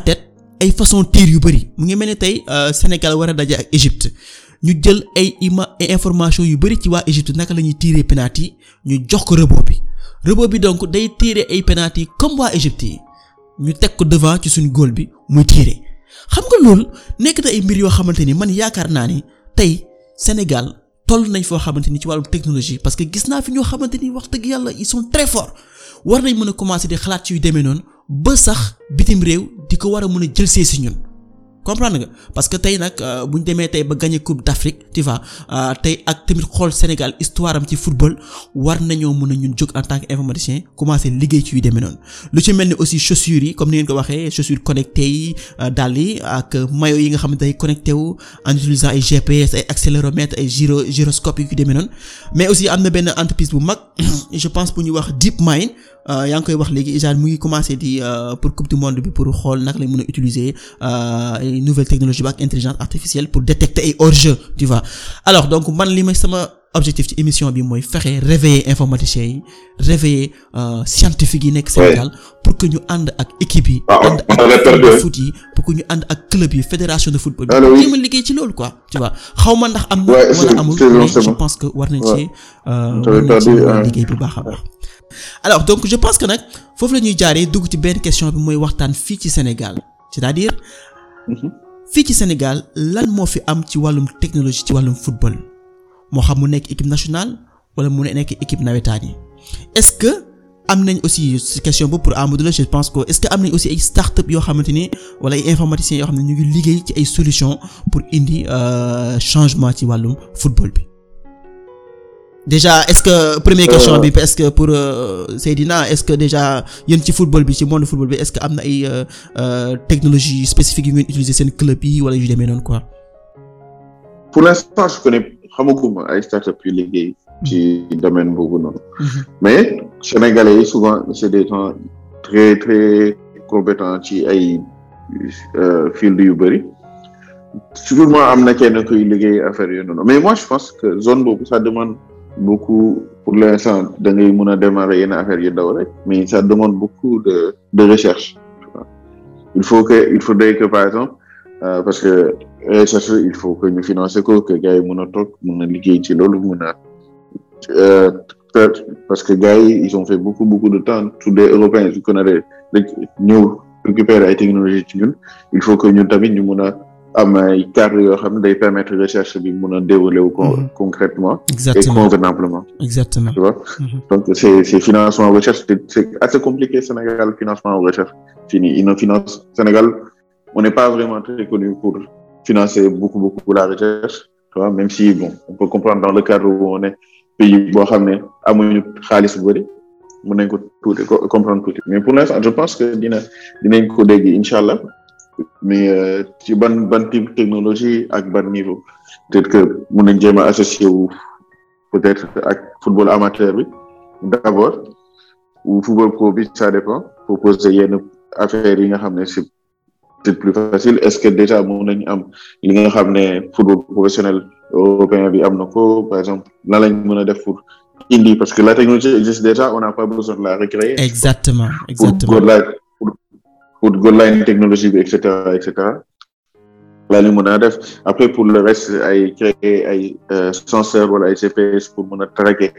ay façon tir yu bëri mu ngi mel ni tey euh, Sénégal war a daje ak Égypte ñu jël ay ima ay information yu bëri ci waa Égypte naka la ñuy tirer penalty yi ñu jox ko robot bi rebeu bi donc day tiire ay penalty comme waa Égypte yi ñu teg ko devant ci suñ góol bi muy tiire xam nga loolu nekk na ay mbir yoo xamante ni man yaakaar naa ni tey Sénégal toll nañ foo xamante ni ci wàllu technologie parce que gis naa fi ñoo xamante ni wax dëgg yàlla ils sont très forts war nañ mën a commencer di xalaat yuy yu demee noonu ba sax bitim réew di ko war a mën a jël jëlsee si ñun comprendre nga parce que tey nag euh, bu ñu demee tey ba gagné coupe d'Afrique tu vois euh, tey ak tamit xool Sénégal histoire am ci football war nañoo mën a ñun jóg en tant que informaticien commencer liggéey ci yu demee noonu lu ci mel ni aussi chaussures yi comme ni ngeen ko waxee chaussures connectées yi euh, dàll yi ak maillot yi nga xamante ne connecté wu en utilisant ay GPS ay accéléromètre ay gyro gyroscope yu demee noonu mais aussi am na benn entreprise bu mag <coughs> je pense bu ñuy wax DeepMind Euh, yaa ngi koy wax léegi ISRA mu ngi commencé di euh, pour coupe du monde bi pour xool naka lañ mën a utiliser euh, nouvelle technologie ba ak intelligence artificielle pour détecter ay hors-jeu tu alors donc man li may sama objectif ci émission bi mooy fexe réveiller informaticiens yi réveiller euh, scientifique yi nekk Sénégal pour que ñu ànd ak équipe yi. ànd ak foot yi pour que ñu ànd ak club yi fédération de football bi. allo ah, liggéey ci loolu quoi. tu vois ndax am na. wala amul mais je pense que war nañ ci. Euh, liggéey bu baax a baax. alors donc je pense que nag foofu la ñuy jaaree dugg ci benn question bi mooy waxtaan fii ci Sénégal c'est-à-dire. Mhm. fii ci Sénégal lan moo fi am ci wàllum technologie ci wàllum football. moo xam mu nekk équipe nationale wala mu nekk équipe nawetaan yi est-ce que am nañ aussi question boobu pour Amadou la je pense que est-ce que am nañ aussi ay start-up yoo xamante ni wala ay informaticiens yoo xam ne ñu ngi liggéey ci ay solutions pour indi euh, changement ci wàllum football bi déjà est-ce que première question bi euh. est-ce que pour euh, Seydina est-ce que déjà yéen ci football bi ci monde football bi est-ce que am na ay technologie spécifique yu ngeen seen club yi wala yu demee noonu quoi. xamaguma ay startup yu liggéey ci mhm. domaine boobu noonu mhm. mais sénégalais yi souvent c'est des gens très très compétents ci ay euh, field yu bëri sûrement am na kenn kuy liggéey affaire yooyu noonu mais moi je pense que zone boobu ça demande beaucoup pour l'instant da ngay mën a démarrer yenn affaire yu ndaw rek mais ça demande beaucoup de recherche il faut que il faudrait que par exemple Euh, parce que eh, il faut que ñu financer ko que gars yi mën a liggéey ci loolu mën euh, parce que gars yi ils ont fait beaucoup beaucoup de temps tous les européens su ko naree rek ñëw ay technologie ci ñun il faut que ñun tamit ñu mën a am ay cadre yoo xam ne day permettre recherche bi mën a dérouler wu mm-hmm. concrètement et convenablement exactement tu vois mm-hmm. donc c'est financement recherche recherche fini il finance Sénégal on n'est pas vraiment très connu pour financer beaucoup beaucoup la recherche tu vois même si bon on peut comprendre dans le cadre où on est pays boo xam ne amuñu xaalis bu bëri mën nañ ko tuuti comprendre tuuti mais pour l'instant je pense que dina dinañ ko dégg incha allah mais euh, ci ban ban type technologie ak ban niveau peut-être que mën nañ jéem a associé peut-être football amateur bi d'abord ou football pro bi ça dépend proposer yenn affaires yi nga xam ne c'est peut-être plus facile est-ce que déjà mën nañu am li nga xam ne football professionnel européen bi am na ko par exemple nan lañ mën a def pour indi parce que la technologie existe déjà on n'a pas besoin de la recréer. exactement exactement pour goal pour pour technologie bi et cetera et cetera. la ñu mën a def après pour le reste ay créer ay euh, senseurs wala ay GPS pour mën a traquer.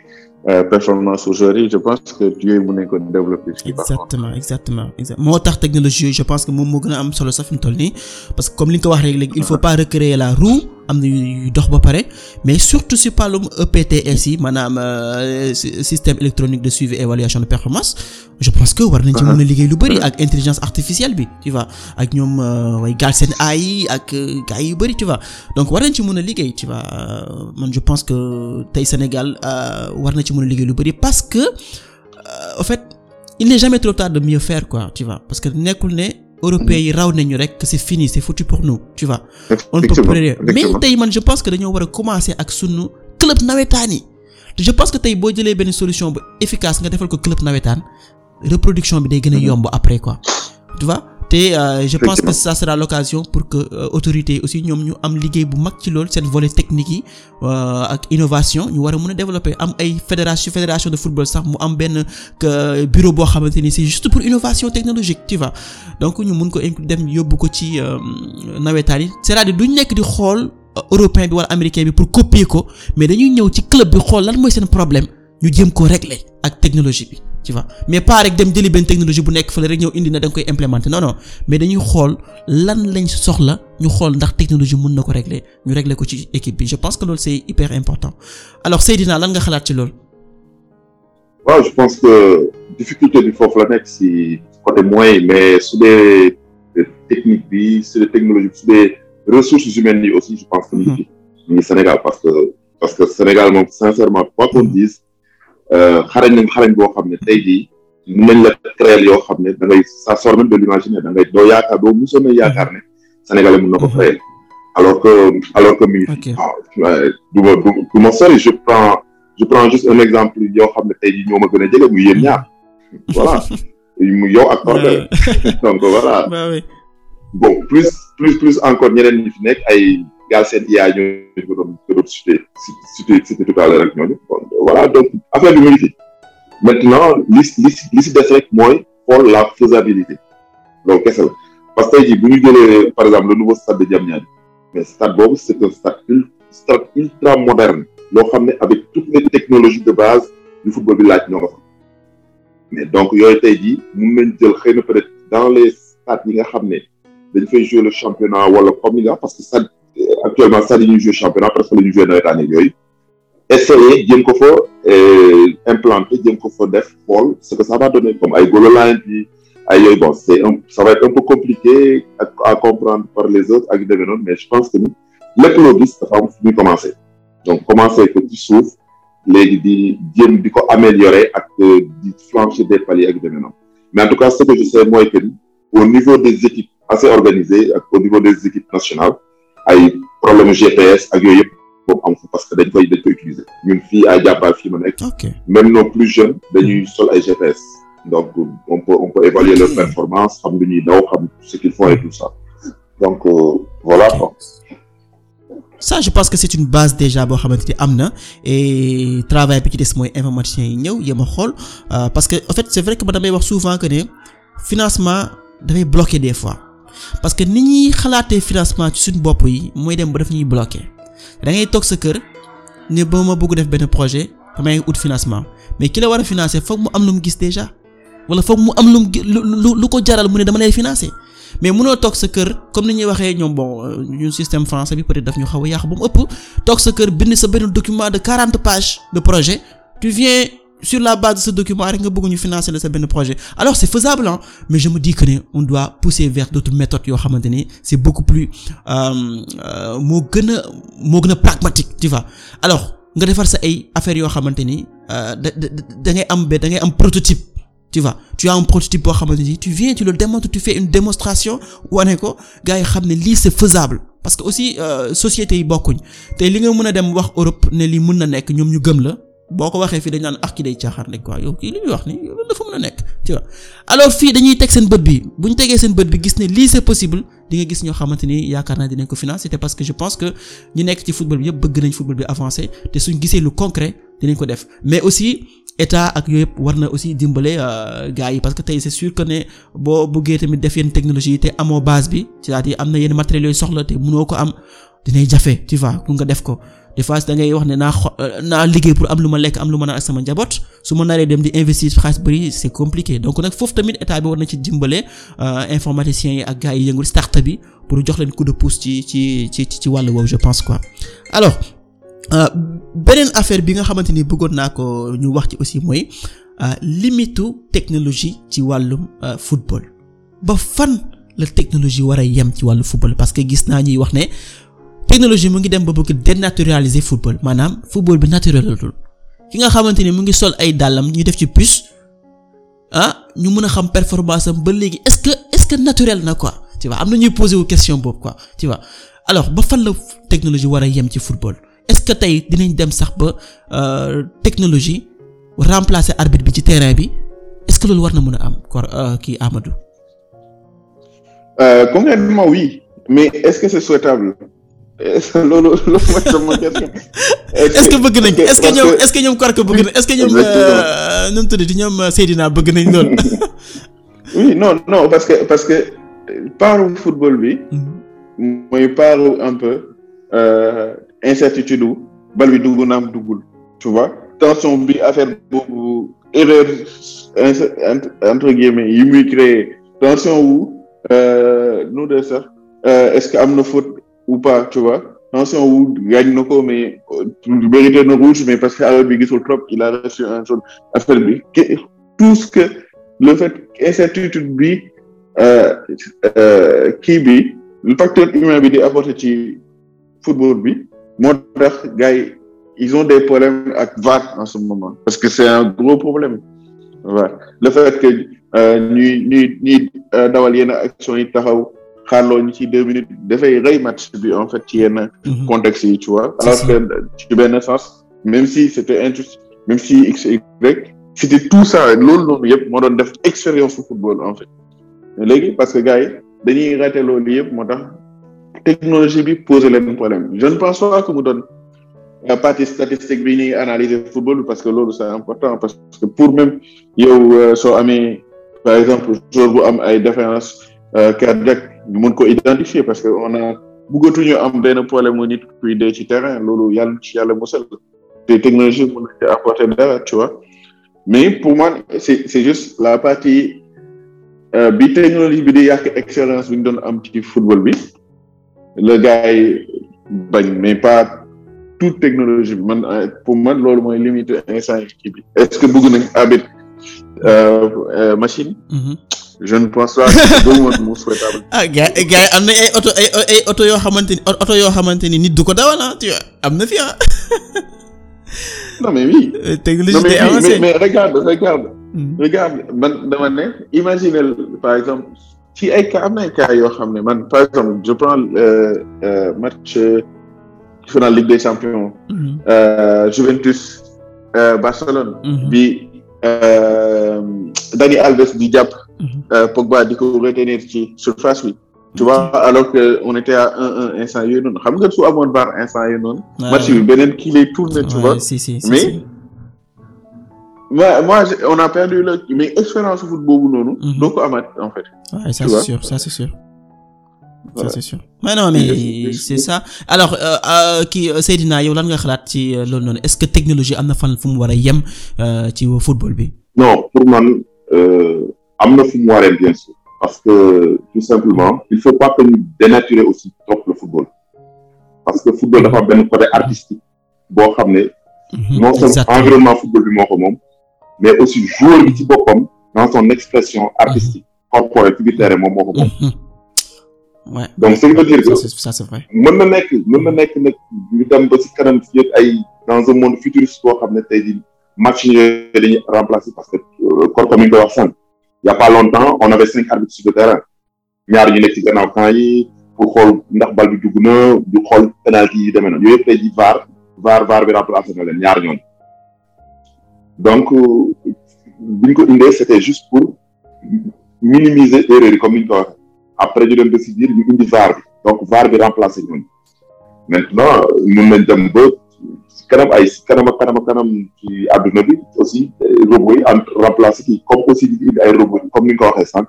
Euh, performance aujourd'hui je pense que yooyu mën nañ ko développer. exactement exactement exactement moo tax technologie yooyu je pense que moom moo gën a am solo sax fi mu toll nii parce que comme li nga ko wax rek il faut pas recréer la roue. am na yu dox ba pare mais surtout si pàllum EPTS yi maanaam euh, système électronique de suivi et évaluation de performance je pense que war nañ ci mën a uh-huh. liggéey lu bari uh-huh. ak intelligence artificielle bi tu va ak ñoom euh, way Galsen AI yi ak euh, gars yu bari tu vois donc war nañ ci mun a liggéey tu vois man je pense que tey Sénégal war na ci mun a liggéey lu bari parce que en fait il n'est jamais trop tard mieux faire quoi tu vois parce que nekkul ne européens yi raw nañu rek que c'est fini c'est foutu pour nous tu vois. on ne mais tey man je pense que dañoo war a commencer ak sunu club nawetaan yi je pense que tey boo jëlee benn solution bu efficace nga defal ko club nawetaan reproduction bi day gën a mm-hmm. yomb après quoi te euh, je pense que ça sera l'occasion pour que euh, autorités aussi ñoom ñu am liggéey bu mag ci loolu seen volet technique yi euh, ak innovation ñu war a mun a développer am ay fédération fédération de football sax mu am benn bureau boo xamante ni si juste pour innovation technologique tiva donc ñu mun ko inclure dem yóbbu ko ci nawetaan yi c'est-à-dire ñu nekk di xool européen bi wala américain bi pour copier ko mais dañuy ñëw ci club bi xool lan mooy seen problème ñu jéem ko régler ak technologie bi tu vois mais pas rek dem jëli benn technologie bu nekk fële rek ñëw indi na da nga koy implémenter non mais dañuy xool lan lañ soxla ñu xool ndax technologie mun na ko régler ñu régler ko ci équipe bi je pense que loolu c'est hyper important alors Seydina lan nga xalaat ci loolu. waaw je pense que difficulté bi foofu la nekk si côté moyens mais su dee technique bi su dee technologie bi su dee ressources humaines yi aussi je pense que. ñu hmm. ngi Sénégal parce que parce que Sénégal moom sincèrement Euh, xarañ nañ xarañ boo xam ne tey jii mun nañ la créer yoo xam ne da ngay ça sort même de l'imaginaire da ngay doo yaakaar doo mosoon na ne sénégalais mun ko mhm. créer alors que alors que mi ngi du ma du ma sori je prends je juste un exemple yoo xam ne tey jii ñoo ma gën a jege muy yéen ñaar <laughs> voilà mu yow ak Korka <laughs> donc voilà bon plus plus plus encore ñeneen ñi fi nekk ay gaal seen IA ñooñu ko doon ko doon cité cité cité tout à l'heure rek ñooñu voilà donc affaire bi mu ngi fi maintenant li des rek mooy xool la faisabilité loolu kese la parce que tey bu ñu jëlee par exemple le nouveau stade de Diamniadio mais stade boobu c'est un stade ul stade ultra loo xam ne avec toutes les technologies de base du football bi laaj ñoo ko fa mais donc yooy tey jii mun nañ jël xëy na peut dans les stades yi nga xam ne dañ fay jouer le championnat wala actuellement sax dañuy jouer championnat parce que la ñuy jouer nawetaan yooyu essayer jéem ko fa euh, implanter ko def xool ce que ça va donner comme ay Gololine bi ay yooyu bon c'est un ça va être un peu compliqué à, comprendre par les autres ak yu demee noonu mais je pense que ni lépp loo gis dafa commencer donc commencer ko ci suuf léegi di jéem di ko améliorer ak euh, di flancher des paliers ak yu demee noonu mais en tout cas ce que je sais mooy que ni au niveau des équipes assez organisées ak au niveau des ay problème GPS ak yooyu yëpp boobu am parce que dañ koy dañ koy utiliser ñun fii à Diaba fii ma nekk. même nos plus jeunes dañuy sol ay GPS. donc on peut évaluer leur performance xam lu ñuy daw xam ce qu'ils font et tout ça donc euh, voilà quoi. ça je pense que c'est une base déjà boo xamante ni am na et travail bi ci des mooy informaticien yi ñëw yéem a xool euh, parce que en fait c'est vrai que man damay wax souvent que ne financement dafay bloquer des fois. parce que ni ñuy xalaatee financement ci suñ bopp yi mooy dem ba def ñuy bloqué da ngay toog sa kër ne ba ma bëgg def benn projet damay ut financement mais ki la war a financer foog mu am lu mu gis déjà wala foog mu am lu mu lu lu ko jaral mu ne dama lay financer mais munoo toog sa kër comme ni ñuy waxee ñoom boo euh, ñu système france bi peut daf ñu xaw a yàq ba mu ëpp toog sa kër bind sa benn document de quarante page de projet sur la base de rek nga bëgg ñu financer la sa benn projet alors c'est faisable hein mais je me dis que ne on doit pousser vers d'autres méthodes yoo xamante ni c'est beaucoup plus euh, euh, moo gën a moo gën a pragmatique tu vois alors nga defar sa ay affaires yoo xamante ni euh, da da ngay am ba da ngay am prototype tu vois tu as un prototype boo xamante ni tu viens tu le démontres tu fais une démonstration wane ko gars yi xam ne lii c'est faisable parce que aussi sociétés yi bokkuñ te li nga mën a dem wax Europe ne lii mën na nekk ñoom ñu gëm la. boo ko waxee fii dañ naan ax ah, ki day caaxaan rek quoi yow kii li muy wax ni loolu dafa mën a nekk tu vois alors fii dañuy teg seen bët bi bu ñu tegee seen bët bi gis ne lii c'est possible di nga gis ñoo xamante ni yaakaar naa dinañ ko financer te parce que je pense que ñu nekk ci football bi yëpp bëgg nañ football bi avancer te suñ gisee lu concret dinañ ko def mais aussi état ak yëpp war na aussi dimbale euh, gars yi parce que tey c'est sûr que ne boo bëggee tamit def yenn technologie yi amoo base bi c'est-à-dire am na yenn matériels yooyu soxla te mënoo ko am dinay jafe tu pour nga def ko des fois da ngay wax ne naa xo euh, naa liggéey pour am lu ma lekk am lu ma naan ak sama njaboot su ma naree dem di investir xaalis bëri c'est compliqué donc nag foofu tamit état bi war na ci dimbale euh, informaticiens yi ak gars yi yëngul start bi pour jox leen coup de pouce ci ci ci ci wàll woowu je pense quoi alors euh, beneen affaire bi nga xamante ni bëggoon naa ko ñu wax ci aussi mooy limitu technologie ci wàllum football ba fan la technologie war a yem ci wàllu football parce que gis naa ñuy wax ne. technologie mu ngi dem ba bëgg dénaturaliser football maanaam football bi naturelatul ki nga xamante ni mu ngi sol ay dàllam ñu def ci puce ah, ñu mën a xam performance am ba léegi est-ce que est-ce que naturel na quoi tu vois am na ñuy poser question boobu quoi tu vois alors ba fan la technologie war a yem ci football est-ce que tey dinañ dem sax ba euh, technologie remplacer arbitre bi ci terrain bi est-ce que loolu war na mën a am kor euh, kii Amadou. Euh, complètement mais est-ce que c'est souhaitable loolu loolu mooy sama question. <laughs> est-ce que bëgg nañ ko est-ce que ñoom est-ce que ñoom Korka bëgg na est-ce que ñoom. Euh, nu mu tuddati ñoom euh, Seydina bëgg nañ loolu. <laughs> oui non non parce que parce que paaru football bi. Mm-hmm. mooy paaru un peu euh, incertitude wu bal bi dugg naam duggul. tu vois tension bi affaire boobu erreur entre guillemets yi muy créer tension wu nu de sax est-ce que am na faute. ou pas tu vois tension wu gaañ na ko mais euh, mérité na rouge mais parce que alors bi gisul trop il a reçu un jaune affaire bi tout ce que le fait incertitude bi euh, euh, kii bi le facteur humain bi di apporté ci football bi moo tax gars ils ont des problèmes ak VAR en ce moment parce que c'est un gros problème le fait que ñuy ñuy ñuy dawal yenn action yi taxaw xaarloo ñu ci deux minutes dafay rëy match bi en fait ci yenn mhm. contexte yi tu vois alors que ci benn sens même si c'était injuste même si x y c'était tout yëpp moo doon def expérience su football en fait léegi parce que ga yi dañuy raté lool yëpp moo tax technologie bi posé leen problème je ne pense pas que mu doon euh, partie statistique bi ñuy analyser football parce que loolu c'est important parce que pour même yow euh, soo amee par exemple joueur bu am ay défense euh, cardiaque ñu mën ko identifier parce que on a bëggatuñu am benn problème mu nit kuy dee ci terrain loolu yàlla ci yàlla mosal te technologie mën na apporter dara tu vois mais pour moi c'est c'est la partie euh, bi technologie bi di yàq excellence bi ñu doon am ci football bi le gars yi bañ mais pas toute technologie bi man euh, pour man loolu mooy limite instant yi bi est-ce que bëgg nañ abit euh, machine. Mm-hmm. je ne pense pas que mu souhaitable. <laughs> ah gars eh, gars am na ay oto ay ay oto yoo xamante ni oto yoo xamante ni nit du ko dawal ti ah, tu am na fi ah. <laughs> non mais oui. technologie day avancée regarde hmm. regarde. man dama ne par exemple ci ay cas am na ay yoo xam ne man par exemple je prends euh, euh, match final Ligue des Champions. Hmm. Euh, Juventus Barcelone. Hmm. bi Dani Alves di jàpp. Mm-hmm. Euh, Pogba di ko retenir ci surface bi. tu vois mm-hmm. alors que on était à un un instant yooyu noonu xam nga su amoon VAR instant yooyu noonu. match bi beneen kii lay tourné. tu vois si si si mais. a perdu le mais noonu. mais c'est ça alors euh, euh, kii Seydina yow lan nga xalaat ci loolu noonu est-ce que technologie am na fan fu mu war a yem ci football bi. non pour man. am na fu mu waree bien sûr parce que tout simplement il faut pas que ñu dénaturer aussi trop le football parce que football dafa am benn côté artistique boo xam ne mhm, non seulement environnement football bi moo ko moom mais aussi joueur bi ci boppam dans son expression artistique mhm. corporelle ci moom moo ko moom mhm. donc ce qui veut dire que ça mën na nekk mën na nekk nag ñu dem ba ci kanam fi yëpp ay dans un monde futuriste boo xam ne tey di match yooyu dañuy parce que corps euh, comme ni y' a pas longtemps on avait cinq arbitres sur terrain ñaar ñu nekk ci gannaaw camp yi pour xool ndax bal bi dugg na du xool penalty yi demee na yooyu yëpp tey jii VAR VAR VAR bi remplacé na leen ñaar ñoom donc bi ñu ko indee c' était juste pour minimiser erreur yi comme ni ko après ñu dem ba si biir ñu indi VAR bi bi remplacé ñoom maintenant mën nañ dem kanam ay kanam ak kanam ak kanam ci àdduna bi aussi eh, robot yi en remplacé kii comme aussi di indi ay robot comme ni nga ko waxee sànq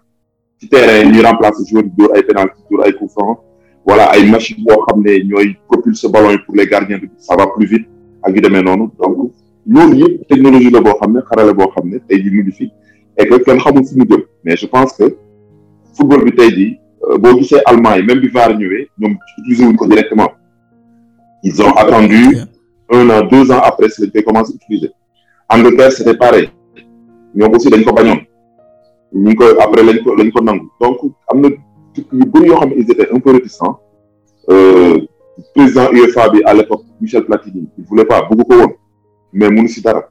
ci terrain ñuy remplacé joueur bi dóor ay pénalty dóor ay coup franc voilà ay machine boo xam ne ñooy propulser ballon yi pour les gardiens de ça va plus vite ak yu demee noonu donc loolu yëpp technologie la boo xam ne la boo xam ne tey jii mu ngi fi que kenn xamul fu mu jëm mais je pense que football bi tey jii euh, boo gisee Allemagne même bi VAR ñëwee ñoom utiliser wuñ ko directement ils ont un an deux ans après si lañ koy commencé utiliser Angleterre c' était pareil ñoom aussi dañ ko bañoon ñu ngi koy après lañ ko lañ ko nangu donc am na tukki yu bëri yoo xam ne ils étaient un peu réticents euh, président UEFA bi à l' époque Michel Platini il voulait pas bëgg ko woon mais mënu si dara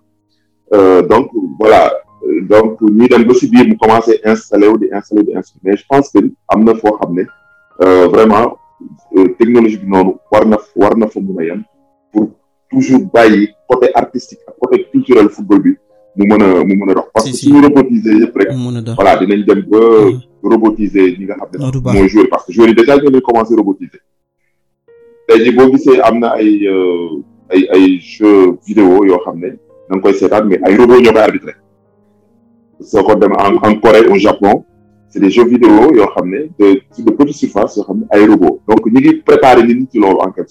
euh, donc voilà donc ñuy dem ba si biir mu commencé installé wu di installé wu di installé mais je pense que am na foo xam ne euh, vraiment euh, technologie bi noonu war na war na fa mun a yem toujours bàyyi côté artistique ak côté culturel football bi mu mën a mu mën a dox. parce que suñu robotiser yëpp rek. voilà dinañ dem ba mm-hmm. robotiser ñi nga xam ne. mooy joueur parce que joueur yi déjà ñu ngi commencé robotiser. tey jii boo gisee am na ay euh, ay ay jeux vidéo yoo xam ne da koy seetaan mais ay robot ñoo koy arbitré. soo ko dem en en Corée au Japon c' est jeux vidéo yoo xam ne de de petite surface yoo xam ne ay robot donc ñu ngi préparé nit ñi loolu en quelque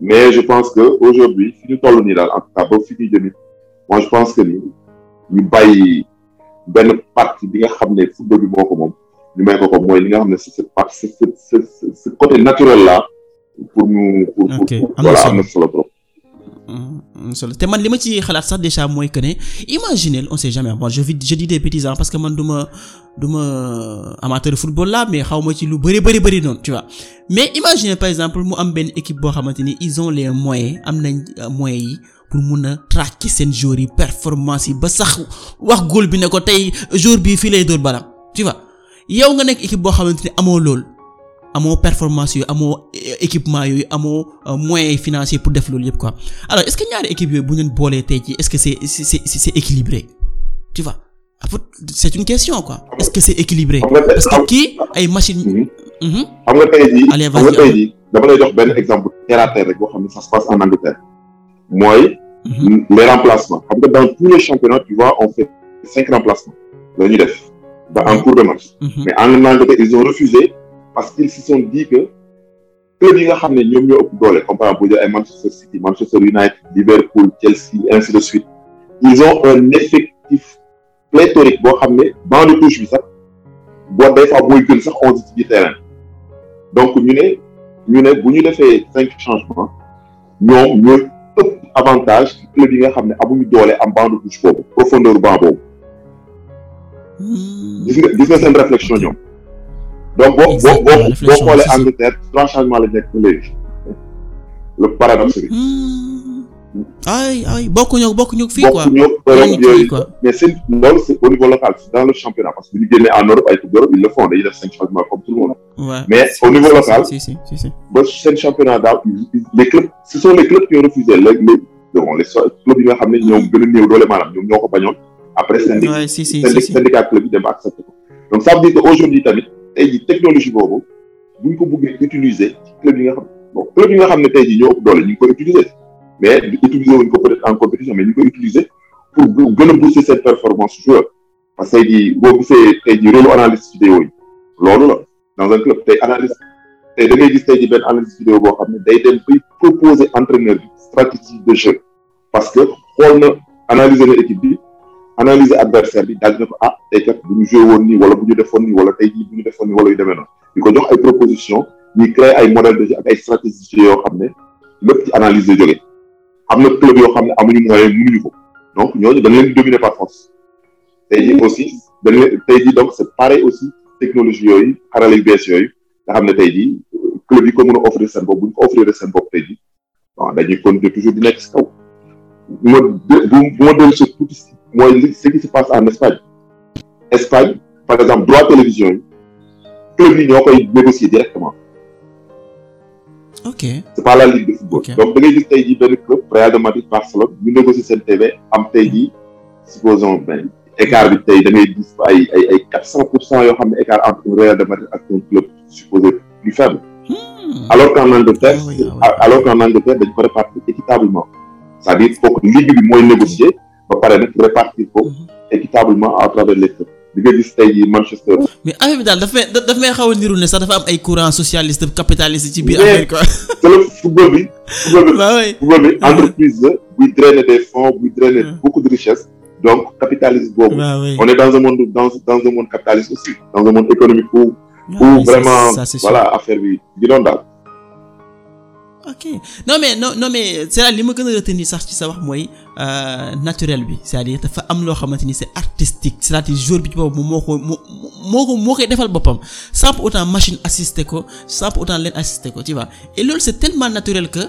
mais je pense que aujourd'hui fi ñu toll nii daal en tout cas ba fi ñuy jëmi moi je pense que ni ñu bàyyi benn partie bi nga xam ne football bi moo ko moom ñu may ko ko mooy li nga xam ne c'est ce côté naturel là pour ñu pour pour voilà am solo trop Euh, euh, solo te man li ma ci xalaat sax déjà mooy que ne imaginez on sait jamais bon je je dis des bêtises parce que man du ma du ma amateur football là mais xaw ma ci lu bëri bëri bëri noonu tu mais imaginez par exemple mu am benn équipe boo xamante ni ils ont les moyens am nañ euh, moyens yi pour mun a traquer seen joueurs yi performance yi ba sax wax góol bi ne ko tey jour bii fii lay dóor bala tu vois yow nga nekk équipe boo xamante ni amoo lool amoo performance yooyu amoo euh, équipement yooyu amoo euh, moyens financiers pour def loolu yëpp quoi alors est-ce que ñaari équipe yooyu bu ñu boolee tey jii est-ce que c'est c'est c'est équilibré tu c'est une question quoi est-ce que c'est équilibré parce que kii ay machines. Mhm. Mhm. xam nga tey jii allez vas-y xam nga tey jii dama lay jox benn exemple terre à terre rek boo xam ne ça se passe en Angleterre mooy. Mhm. les remplacements xam nga dans tous les championnats tu on fait cinq remplacements la ñu def ba en cours de match. parce qu'ils se sont dit que club yi nga xam ne ñoom ñoo ëpp doole comme par exemple bu ñu ay Manchester City Manchester United Liverpool Chelsea ainsi de suite ils ont un effectif pléthorique boo xam ne banc de touche bi sax boo des fois booy gën sax onze ci biir donc ñu ne ñu ne bu ñu defee cinq changements ñoom ñoo ëpp avantage club yi nga xam ne amuñu doole am banc de touche boobu profondeur banc boobu. Hmm. gis nga réflexion ñoom. donc boo boo boo boo xoolee Angleterre trois la nekk léegi le paradoxe bi. ay ay bokkuñu bokkuñu fii quoi bokkuñu quoi mais seen loolu c'est au niveau local c'est dans le championnat parce que bu ñu en Europe ay coupe d'Europe ils le font def seen changement comme tout le monde. Ouais, mais au niveau local si si si si ba seen championnat daaw les clubs ce sont les clubs qui ont refusé les les bon les clubs yi nga xam ne ñoom gën a néew doole maanaam ñoom ñoo ko bañoon après syndicat syndicat ko donc ça veut dire que aujourd'hui tamit tey jii technologie boobu bu ñu ko bëggee utiliser ci club yi nga xam bon club yi nga xam ne tey jii ñoo ëpp doole ñu ngi koy utiliser mais utiliser wuñ ko peut-être en compétition mais ñu ngi koy utiliser pour gën a booster seen performance joueur parce que tey jii boo gisee tey jii rôle analyste vidéo yi loolu la dans un club tey analyste te da ngay gis tey jii benn analyste vidéo boo xam ne day dem bay proposer entraîneur bi stratégie de jeu parce que xool na analyser bi analyse adversaire bi daal dina ko ah bu ñu joué woon nii wala bu ñu defoon nii wala tey bu ñu defoon nii wala yu demee noonu di ko jox ay proposition ñuy créer ay modèle de jeu ak ay stratégies yoo xam ne lépp ci analyse la am na club yoo xam ne amuñu moyen mënuñu ko donc ñooñu dañ leen dominer par force tey jii aussi donc c'est pareil aussi technologie yooyu xarala yu bees yooyu nga xam ne tey jii club yi ko mën a offrir seen bopp bu ñu ko seen bopp tey jii nekk si kaw mooy li ce qui se passe en Espagne Espagne par exemple droit télévision yi club yi ñoo koy négocier directement. ok c'est la ligue de football. donc da ngay gis tey jii benn club Real de Madrid Barcelone ñu négocier seen TV am tey jii supposons benn écart bi tey dangay ngay gis ay ay ay quatre cent pour cent yoo xam ne écart entre Real de Madrid ak un club supposé plus faible. Hmm. alors qu'en Angleterre. Ah ah alors qu'en Angleterre dañ ko répartir équitablement. ba pare nag répartir ko mhm. équitablement à travers les clubs di nga gis tey jii Manchester. mais affaire bi daal daf may daf may xaw a niru ne sax dafa am ay courant socialiste capitaliste ci biir affaire quoi. te <laughs> le football bi. waaw waay football bi entreprise la buy drainer des fonds buy drainer mhm. beaucoup de richesses. donc capitalisme boobu. on est dans un monde dans dans un monde capitaliste aussi. dans un monde économique où. où vraiment voilà affaire bi di doon daal. ok non mais non non mais c'est là li ma gën a retenir sax ci sa wax mooy. Euh, naturel bi c'est-à-dire dafa am loo xamante ni c'est artistique c'est-à-dire jour bi ci boobu moom moo ko moo ko moo koy defal boppam sans pour machine assister ko sans pour autant leen assister ko tu vois et loolu c'est tellement naturel que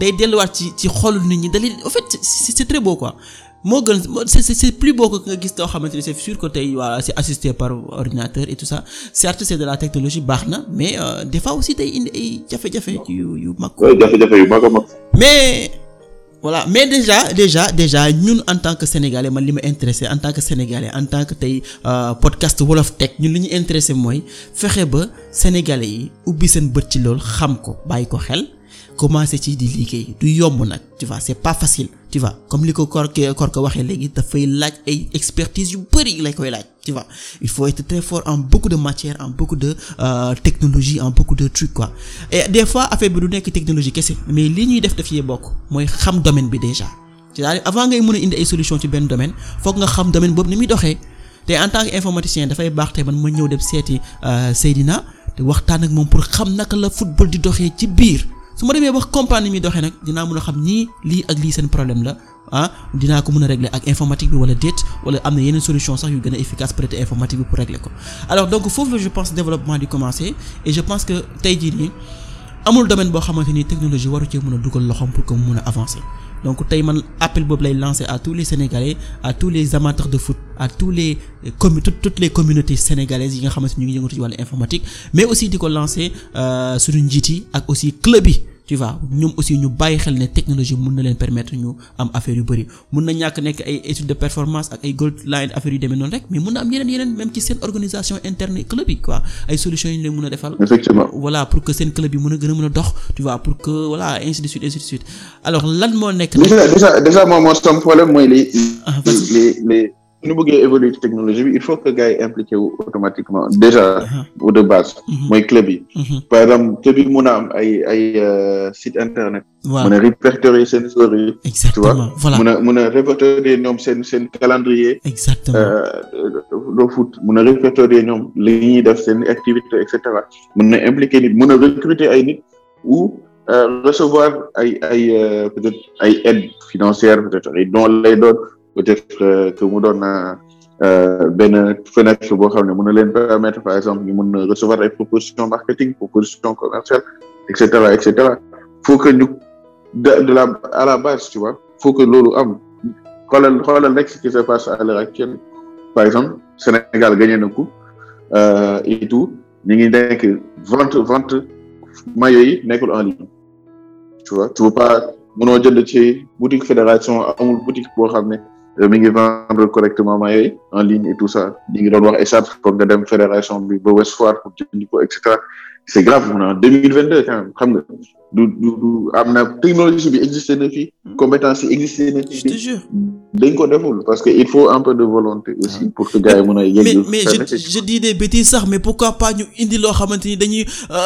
day delluwaat ci ci xolu nit ñi dalee en fait c'est très beau quoi. moo gën c'est c'est plus beau que nga gis loo xamante ni c'est sûr que tey voilà si assisté par ordinateur et tout ça certes c'est de la technologie baax na mais euh, des fois aussi day indi ay jafe-jafe yu yu mag. jafe yu mag a mag. voilà mais déjà déjà déjà ñun en tant que sénégalais man li ma intéressé en tant que sénégalais en tant que tey euh, podcast wolof tech ñun li ñu intéressé mooy fexe ba sénégalais yi ubbi seen bët ci loolu xam ko bàyyi ko xel. commencé ci di liggéey du yomb nag tu vois c'est pas facile tu vois comme li ko kor kor ko waxee léegi dafay laaj ay expertise yu bëri lay koy laaj tu vois il faut être très fort en beaucoup de matière en beaucoup de euh, technologie en beaucoup de trucs quoi des fois affaire bi du nekk technologie kese mais li ñuy def daf yee bokk mooy xam domaine bi déjà c'est-à-dire avant ngay mën a indi ay solution ci benn domaine foog nga xam domaine boobu ni muy doxee te en tant que informaticien dafay baax te man ma ñëw dem seeti euh, Seydina te waxtaan ak moom pour xam naka la football di doxee ci biir su ma demee wax comprendre ni doxe doxee nag dinaa mën a xam nii lii ak lii seen problème la ah, dinaa ko mën a régler ak informatique bi wala déet wala am na yeneen solution sax yu gën a efficace peut-être informatique bi pour régler ko alors donc foofu la je pense développement di commencer et je pense que tey jii nii amul domaine boo xamante ni technologie waru cee mën a dugal loxoom pour que mu mën a avancer donc tey man appel boobu lay lancer à tous les sénégalais à tous les amateurs de foot à tous les euh, communes toutes les communautés sénégalaises yi nga xamante ñu ngi yëngatu ci wàllu informatique mais aussi di ko lancer euh, suñu njiit yi ak aussi club yi. tu vois ñoom aussi ñu bàyyi xel ne technologie mun na leen permettre ñu am affaire yu bëri mun na ñàkk nekk ay étude de performance ak ay goal line affaire yu demee noonu rek mais mun na am yeneen yeneen même ci seen organisation interne club yi quoi ay solutions yi ñu mun a defal. effectivement pour que seen club yi mun a gën a mun a dox tu vois pour que voilà ainsi de suite alors lan moo nekk. déjà déjà déjà moom moo problème mooy les. Ah, les suñu bëggee évoluer ci technologie bi il faut que gars yi automatiquement déjà uh-huh. au de base uh-huh. mooy club yi uh-huh. par exemple club yi mun a am ay ay euh, site internet mun a répertorier seen joueurs yi tu vois mun a mun a répertorier ñoom seen seen calendrier exactement de euh, foot mun a répertorier ñoom li ñuy def seen activité et cetera mun a impliquer nit mun a recruter ay nit ou euh, recevoir ay ay peut ay aide financière peut-être ay dons lay doon peut-être eh, que mu doon eh, eh, benn fenêtre boo xam ne mën na leen permettre par exemple ñu mën a recevoir ay propositions marketing propositions commerciales et cetera et cetera faut que ñu la à la base tu vois faut que loolu am xoolal xoolal rek ce qui se passe à l'heure actuelle par exemple Sénégal gagné na ko euh, et tout ñu ngi nekk vente vente maillot yi nekkul en ligne tu vois tu peux pas mënoo jënd ci boutique fédération amul boutique boo xam ne. Euh, mi ngi vendre correctement maillot yi en ligne et tout ça ñu ngi doon wax écharpe foog nga dem fédération bi ba Ouest Foire pour jëndi ko et c'est grave deux mille vingt deux quand même xam nga du du am na technologie bi existé na fi. Hmm. compétence yi existé fi. je te jure. dañ ko deful parce que il faut un peu de ah. pour que gars yi mais je je dis sax mais pourquoi pas ñu indi loo xamante ni dañuy euh,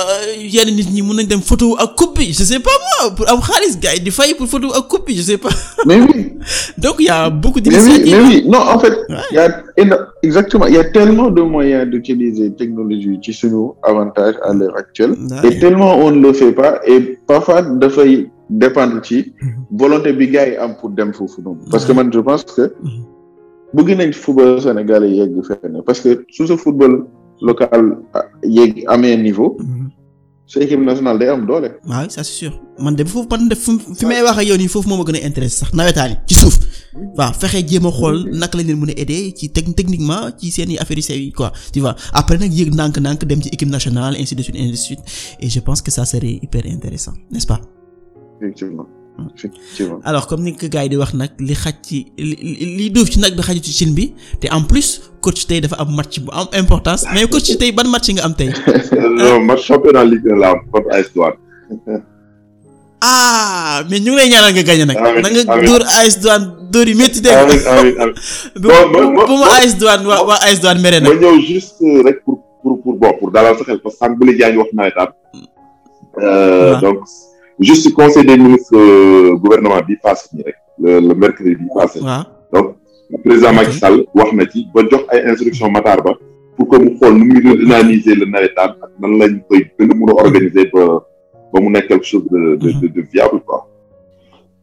yenn nit ñi mën nañ dem photo ak coupe bi je sais pas moi pour am xaalis gars yi di fay pour photo ak coupe bi je sais pas. mais oui. <laughs> donc y a beaucoup d'initiatives. mais oui non en fait. y a exactement y a tellement de moyens d'utiliser technologie ci suñu avantage à parfois dafay dépendre ci mhm. volonté bi gars yi am pour dem foofu noonu parce que man je pense que mhm. bëgg nañ football Sénégal yi yegg fenn parce que su sa football local ah, yegg amee niveau mhm. sa équipe nationale day am doole waaw ça c'est sûr man de foofu man de fi may wax yoon yi foofu moom ma gën a intéressé sax nawetaan yi ci suuf waaw fexe jéem a xool naka lañ leen mën a aider ci techniquement ci seen i affaires yu sew quoi tu vois après nag yéeg ndànk-ndànk dem ci équipe nationale ainsi de suite ainsi et je pense que ça serait hyper intéressant n'est-ce pas. alors comme ni ko gars yi di wax nag li xaj ci li li duuf ci nag bi xaju ci cin bi te en plus coach tey dafa am match bu am importance mais ci tey ban match nga am tey. <laughs> non match championnat ligue la am contre AS Douanes ah mais ñu ngi lay a nga gañe nag. na nga dóor AS Douane yi métti dégg <laughs> bu ma AS Douane waa waa AS Douane mere nag. ma ñëw juste euh, rek pour pour pour bon pour dalal sa xel parce que sànq bële jaa ñu wax nawetaan. Euh, donc juste conseil des ministres euh, gouvernement bi passé nii rek le mercredi bi passé. waaw donc président Macky wax na ci ba jox ay instructions Matar Ba pour que xool nu muy redynamiser le nawetaan nan lañ koy gën a mun a ba mu nekk quelque chose de de de, de viable quoi.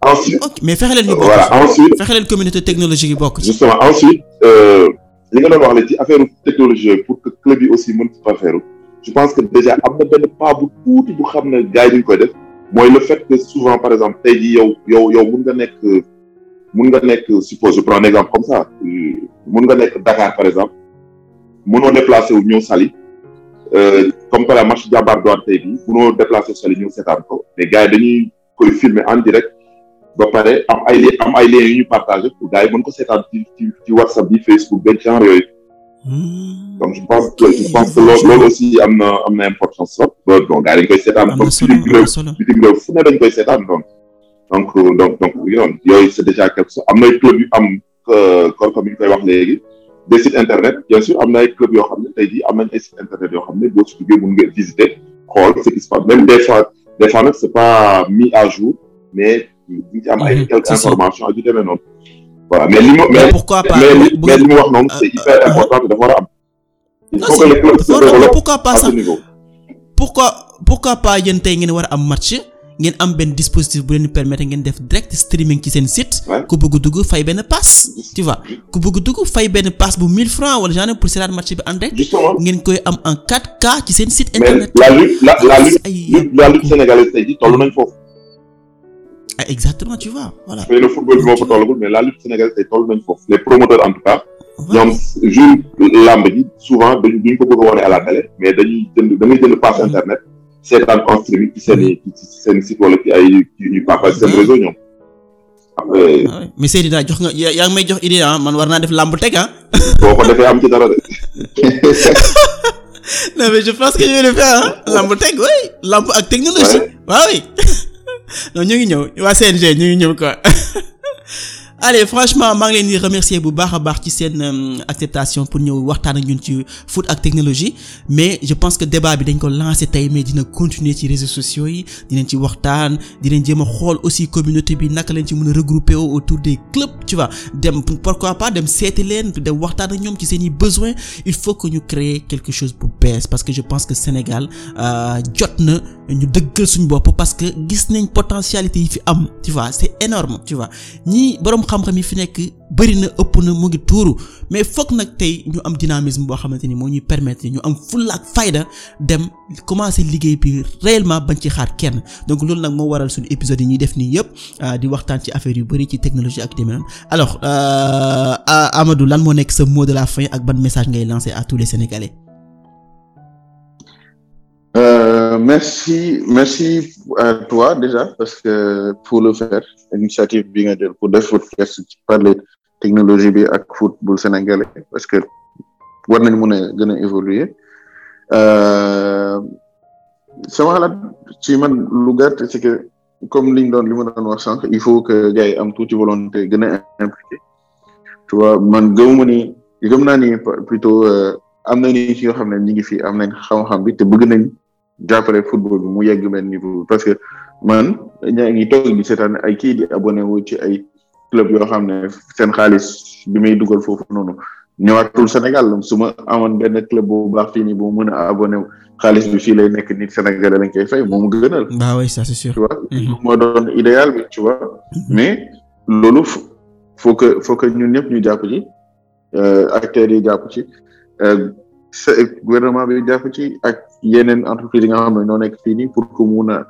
ensuite okay, mais fexe leen ñu bokk voilà ensuite fexe leen communauté technologique euh, li nga doon wax la ci affaire technologie pour que club yi aussi mën ci parfaire je pense que déjà am na benn pas bu tuuti bu xam ne gars yi duñ koy def mooy le fait que souvent par exemple tey jii yow yow yow mun nga nekk mun nga nekk suppose je prends un exemple comme ça euh, mun nga nekk Dakar par exemple mu mënoo déplacé wu ñëw Saly. Euh, comme par la marche jàmbaar doon tey bi munoo déplacé soli ñëw seetaan ko mais gars yi dañuy koy ba pare am ay li am ay liens yu ñu partagé pour gars yi mën ko seetaan ci ci ci whatsapp bi facebook benn genre yooyu hmm. donc je pense que je pense que aussi am na am na importance trop ba bon gars yi dañ koy seetaan comme bitim réew bitim réew fu ne dañ koy seetaan donc donc euh, donc c'est déjà quelque chose am na taux yu am euh, comme comme ñu koy wax léegi des sites internet bien sûr am na ay club yoo xam ne tey jii am nañ ay sites internet yoo xam ne boo si duggee mun nga visiter xool ce des fois des fois nag c'est pas à jour mais am ay mhm. quelques informations ak yu demee noonu voilà mais li mu mais mais li mu wax noonu c'est euh, hyper euh, important dafa war a am il faut ah, que le club se développe à ce niveau pourquoi pourquoi pas yéen tey ngeen war a am match ngeen am benn dispositif bu leen permettre ngeen def direct streaming ci seen site. ku bëgg dugg fay benn pass. tu vois ku bëgg dugg fay benn pass bu 1000 francs wala genre pour seetaan match bi en direct. ngeen koy am en 4K ci seen site. internet mais la lutte la la lutte la lutte sénégalaise tey jii toll nañ foofu. ah exactement tu vois voilà. mais football bi moo fa tollagul mais la lutte sénégalaise tey toll nañ foofu les promoteurs en tout cas. ñoom làmb ji souvent dañu duñ ko bëgg a wane la télé mais da ngay jënd seetaan en streaming mm-hmm. ah ah jox nga yaa ngi may jox idée ah, man war naa def làmb teg ah. <laughs> boo ko defee am ci dara de. <laughs> non teg oui làmb ak technologie. waaw oui. <laughs> ñu ngi ñëw waa CNG ñu ngi ñëw quoi. allez franchement maa ngi leen di remercier bu baax a baax ci seen euh, acceptation pour ñëw waxtaan ak ñun ci foot ak technologie mais je pense que débat bi dañ ko lancé tey mais dina continuer ci réseaux sociaux yi dinañ ci waxtaan dinañ jéem a xool aussi communauté bi naka lañ ci mun a regrouper autour des clubs tu vois dem pourquoi par dem seeti leen dem waxtaan ak ñoom ci seen i besoins il faut que ñu créer quelque chose bu bees parce que je pense que Sénégal euh, jot na ñu dëggal suñu bopp parce que gis nañ potentialité yi fi am tu vois c'est énorme xam-xam yi fi nekk bëri na ëpp na mu ngi tuuru mais foog nag tey ñu am dynamisme boo xamante ni moo ñuy permettre ñu am fulla ak fayda dem commencer liggéey bi réellement bañ ci xaar kenn donc loolu nag moo waral suñu épisodes yi ñuy def nii yëpp ah, di waxtaan ci affaire yu bëri ci technologie ak demee noonu alors euh, Amadou lan moo nekk sa mot de la fin ak ban message ngay lancer à tous les Sénégalais. Euh, merci merci à euh, toi déjà parce que pour le faire initiative bi nga jël pour des podcast ci parler bi ak football sénégalais parce que war nañ mën a gën a évoluer euh, sama xalaat ci man lu gàtt c'est que comme liñ doon li ma doon wax sànq il faut que gars yi am tuuti volonté gën a impliqué tu vois man gëmuma ni gëm naa ni plutôt euh, am na ni ci yoo xam ne ñi ngi fi am nañ xam-xam bi te bëgg nañ jàppale football bi mu yegg benn niveau bi parce que man ñaa ngi toog di seetaan ay kii di abonné ci ay club yoo xam ne seen xaalis bi may dugal foofu noonu ñowaat ñëwaatul Sénégal suma ma amoon benn club bu baax fii nii bu mën a abonné xaalis bi fii lay nekk nit Sénégalais lañ koy fay moom gënal. waaw oui ça c'est sûr. tu vois mm-hmm. moo doon idéal bi tu vois. Mm-hmm. mais loolu faut que faut que ñun ñëpp ñu jàpp ci euh, acteurs yi jàpp ci euh, gouvernement bi jàpp ci ak. yeneen entreprise yi nga xam ne ñoo nekk fii nii pour que mun a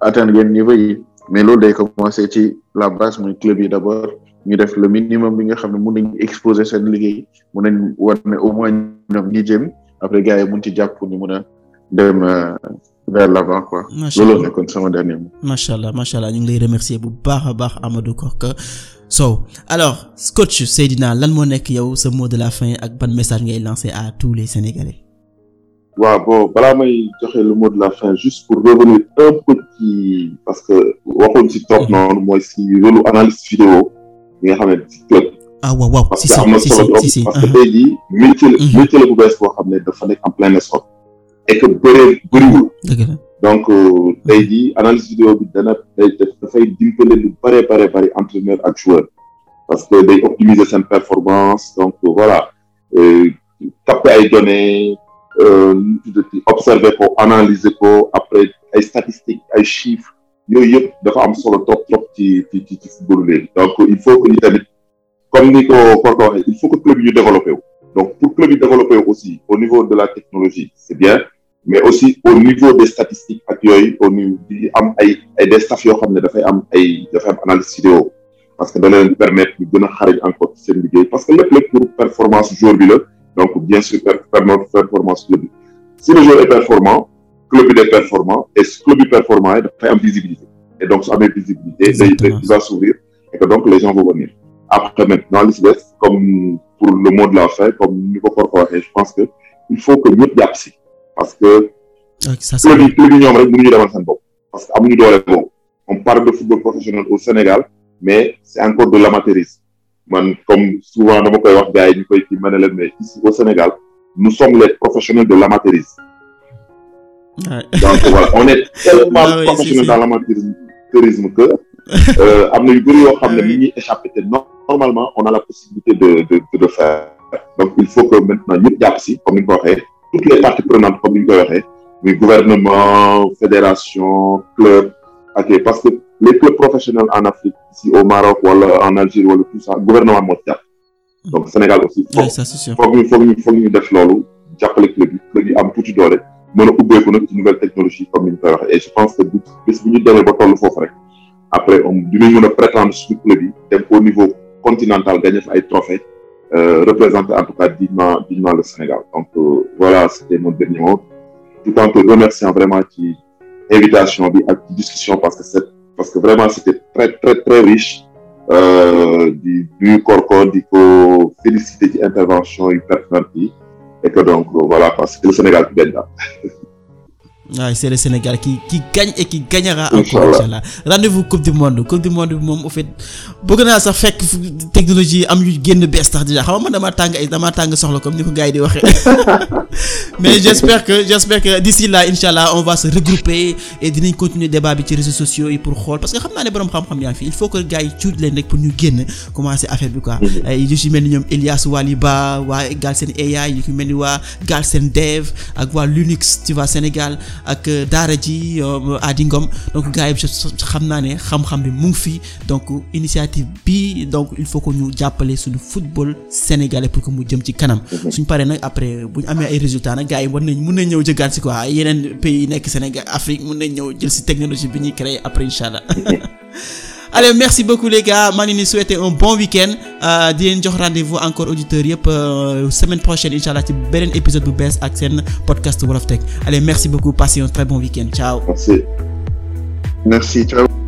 atteindre yenn niveau yi mais loolu day commencer ci la base muy club yi d'abord ñu def le minimum bi nga xam ne mun nañu exposer seen liggéey mun nañ war ne au mois ñoom ñi jëm après gars yi mun ci jàpp ñu mun a dem euh, vers l'avant quoi. macha allah loolu sama dernier mot. macha allah macha allah ñu ngi lay remercier bu baax a baax Amadou Korka Sow alors coach Seydina lan moo nekk yow sa mot de la fin ak ban message ngay lancer à tous les Sénégalais. waaw bon balaa may joxe le mot la fin juste pour revenir un peu ci parce que waxoon si topp mhm. noonu mooy si rôle analyste vidéo bi nga xam ne parce que am na solo parce que tey mhm. bees boo xam ne dafa nekk en plein essor. et que bëree donc euh, mhm. tey jii analyse vidéo bi dana day dafay dimbale lu bari entraîneur ak joueur. parce que day optimiser seen performance donc voilà capter euh, ay données. nu euh, tuddati observer ko analyser ko après ay statistiques ay chiffres yooyu yëpp dafa am solo trop trop ci ci ci football léegi donc il faut que ñu tamit comme ni ko Korka il faut que club yi ñu développé wu donc pour club yi développé aussi au niveau de la technologie c'est bien mais aussi au niveau des statistiques ak yooyu au niveau di am ay ay des staff yoo xam ne dafay am ay dafay parce que dana leen a xarañ encore ci seen liggéey parce lépp performance jour bi la donc bien sûr performance club bi le joueur est performant club bi day performant et club bi performant yi dafay visibilité et donc su amee visibilité day va s'ouvrir et que donc les gens vont venir après maintenant li comme pour le mot de la fin comme ni ko Korka je pense que il faut que ñëpp jàpp si parce que club yi club yi ñoom rek mënuñu demal parce que amuñu doole boobu on parle de football professionnel au Sénégal mais c'est encore de l'amateurisme man souvent dama wax gars yi kii ma ne leen mais ici au Sénégal nous sommes les professionnels de l'amateurisme ouais. donc voilà on est <laughs> ah tellement professionnels si, si. que euh, am ne ah mi ñuy échappé te normalement on a la possibilité de de faire il faut que maintenant ñëpp si toutes les parties prenantes comme ni gouvernement fédération club parce que les clubs professionnels en Afrique ici au Maroc wala en Algérie wala tout ça gouvernement moo jàpp donc Sénégal aussi foog ñu def loolu jàppale club yi club yi am tuuti doole mën a ubbeeku nag ci nouvelle technologie comme ni ñu et je pense que bu bés bu ñu demee ba toll foofu rek après on dinañ mën a prétendre suñu club yi dem au niveau continental gagné fa ay trophées euh, représenter en tout cas dignement dignement le Sénégal donc euh, voilà c'était mon dernier tout en te vraiment ci invitation bi ak ci parce que c'est parce que vraiment c'était très très très riche di nuyu Korko di ko féliciter ci intervention yu pertinentes yi et que donc voilà parce que le Sénégal ki benn daal waaw c'est le Sénégal qui qui gagne et qui gagnera encore inchallah rendez-vous coupe du monde coupe du monde bi moom au fait bëgg naa sax fekk technologie am yu génn bees tax déjà xam nga man damaa tàng ay dama tàng soxla comme ni ko gars di waxee <laughs> mais j'espère que j'espère que d'ici là inchallah on va se et dinañ continuer débat bi ci réseaux sociaux yi pour xool parce que xam naa ne borom xam-xam yaa ngi fi il faut que gars yi cuuj leen rek pour ñu génn commencer affaire bi quoi mm-hmm. ay yu ci mel ni ñoom Elias Waliba waa Galsen AI yu mel ni waa Galsen Dev ak waa Linux tu vois Sénégal ak euh, daara ji euh, Adi Ngom donc gars yi xam naa ne xam-xam bi mu ngi fi donc initiative bi donc il faut que ñu jàppale suñu football sénégalais pour que mu jëm ci kanam. suñ paree nag après bu ñu amee ay résultats nag gars yi war nañ mun nañ ñëw jëgaan si quoi yeneen pays nekk Sénégal Afrique mun nañ ñëw jël si technologie bi ñuy créer après incha allah. <laughs> allez merci beaucoup les gars maa un bon week-end euh, di jox rendez-vous encore auditeurs yëpp euh, semaine prochaine incha allah ci beneen épisode bu bees ak seen podcast Wolof Tech allez merci beaucoup passez un très bon week-end ciao. merci merci ciao.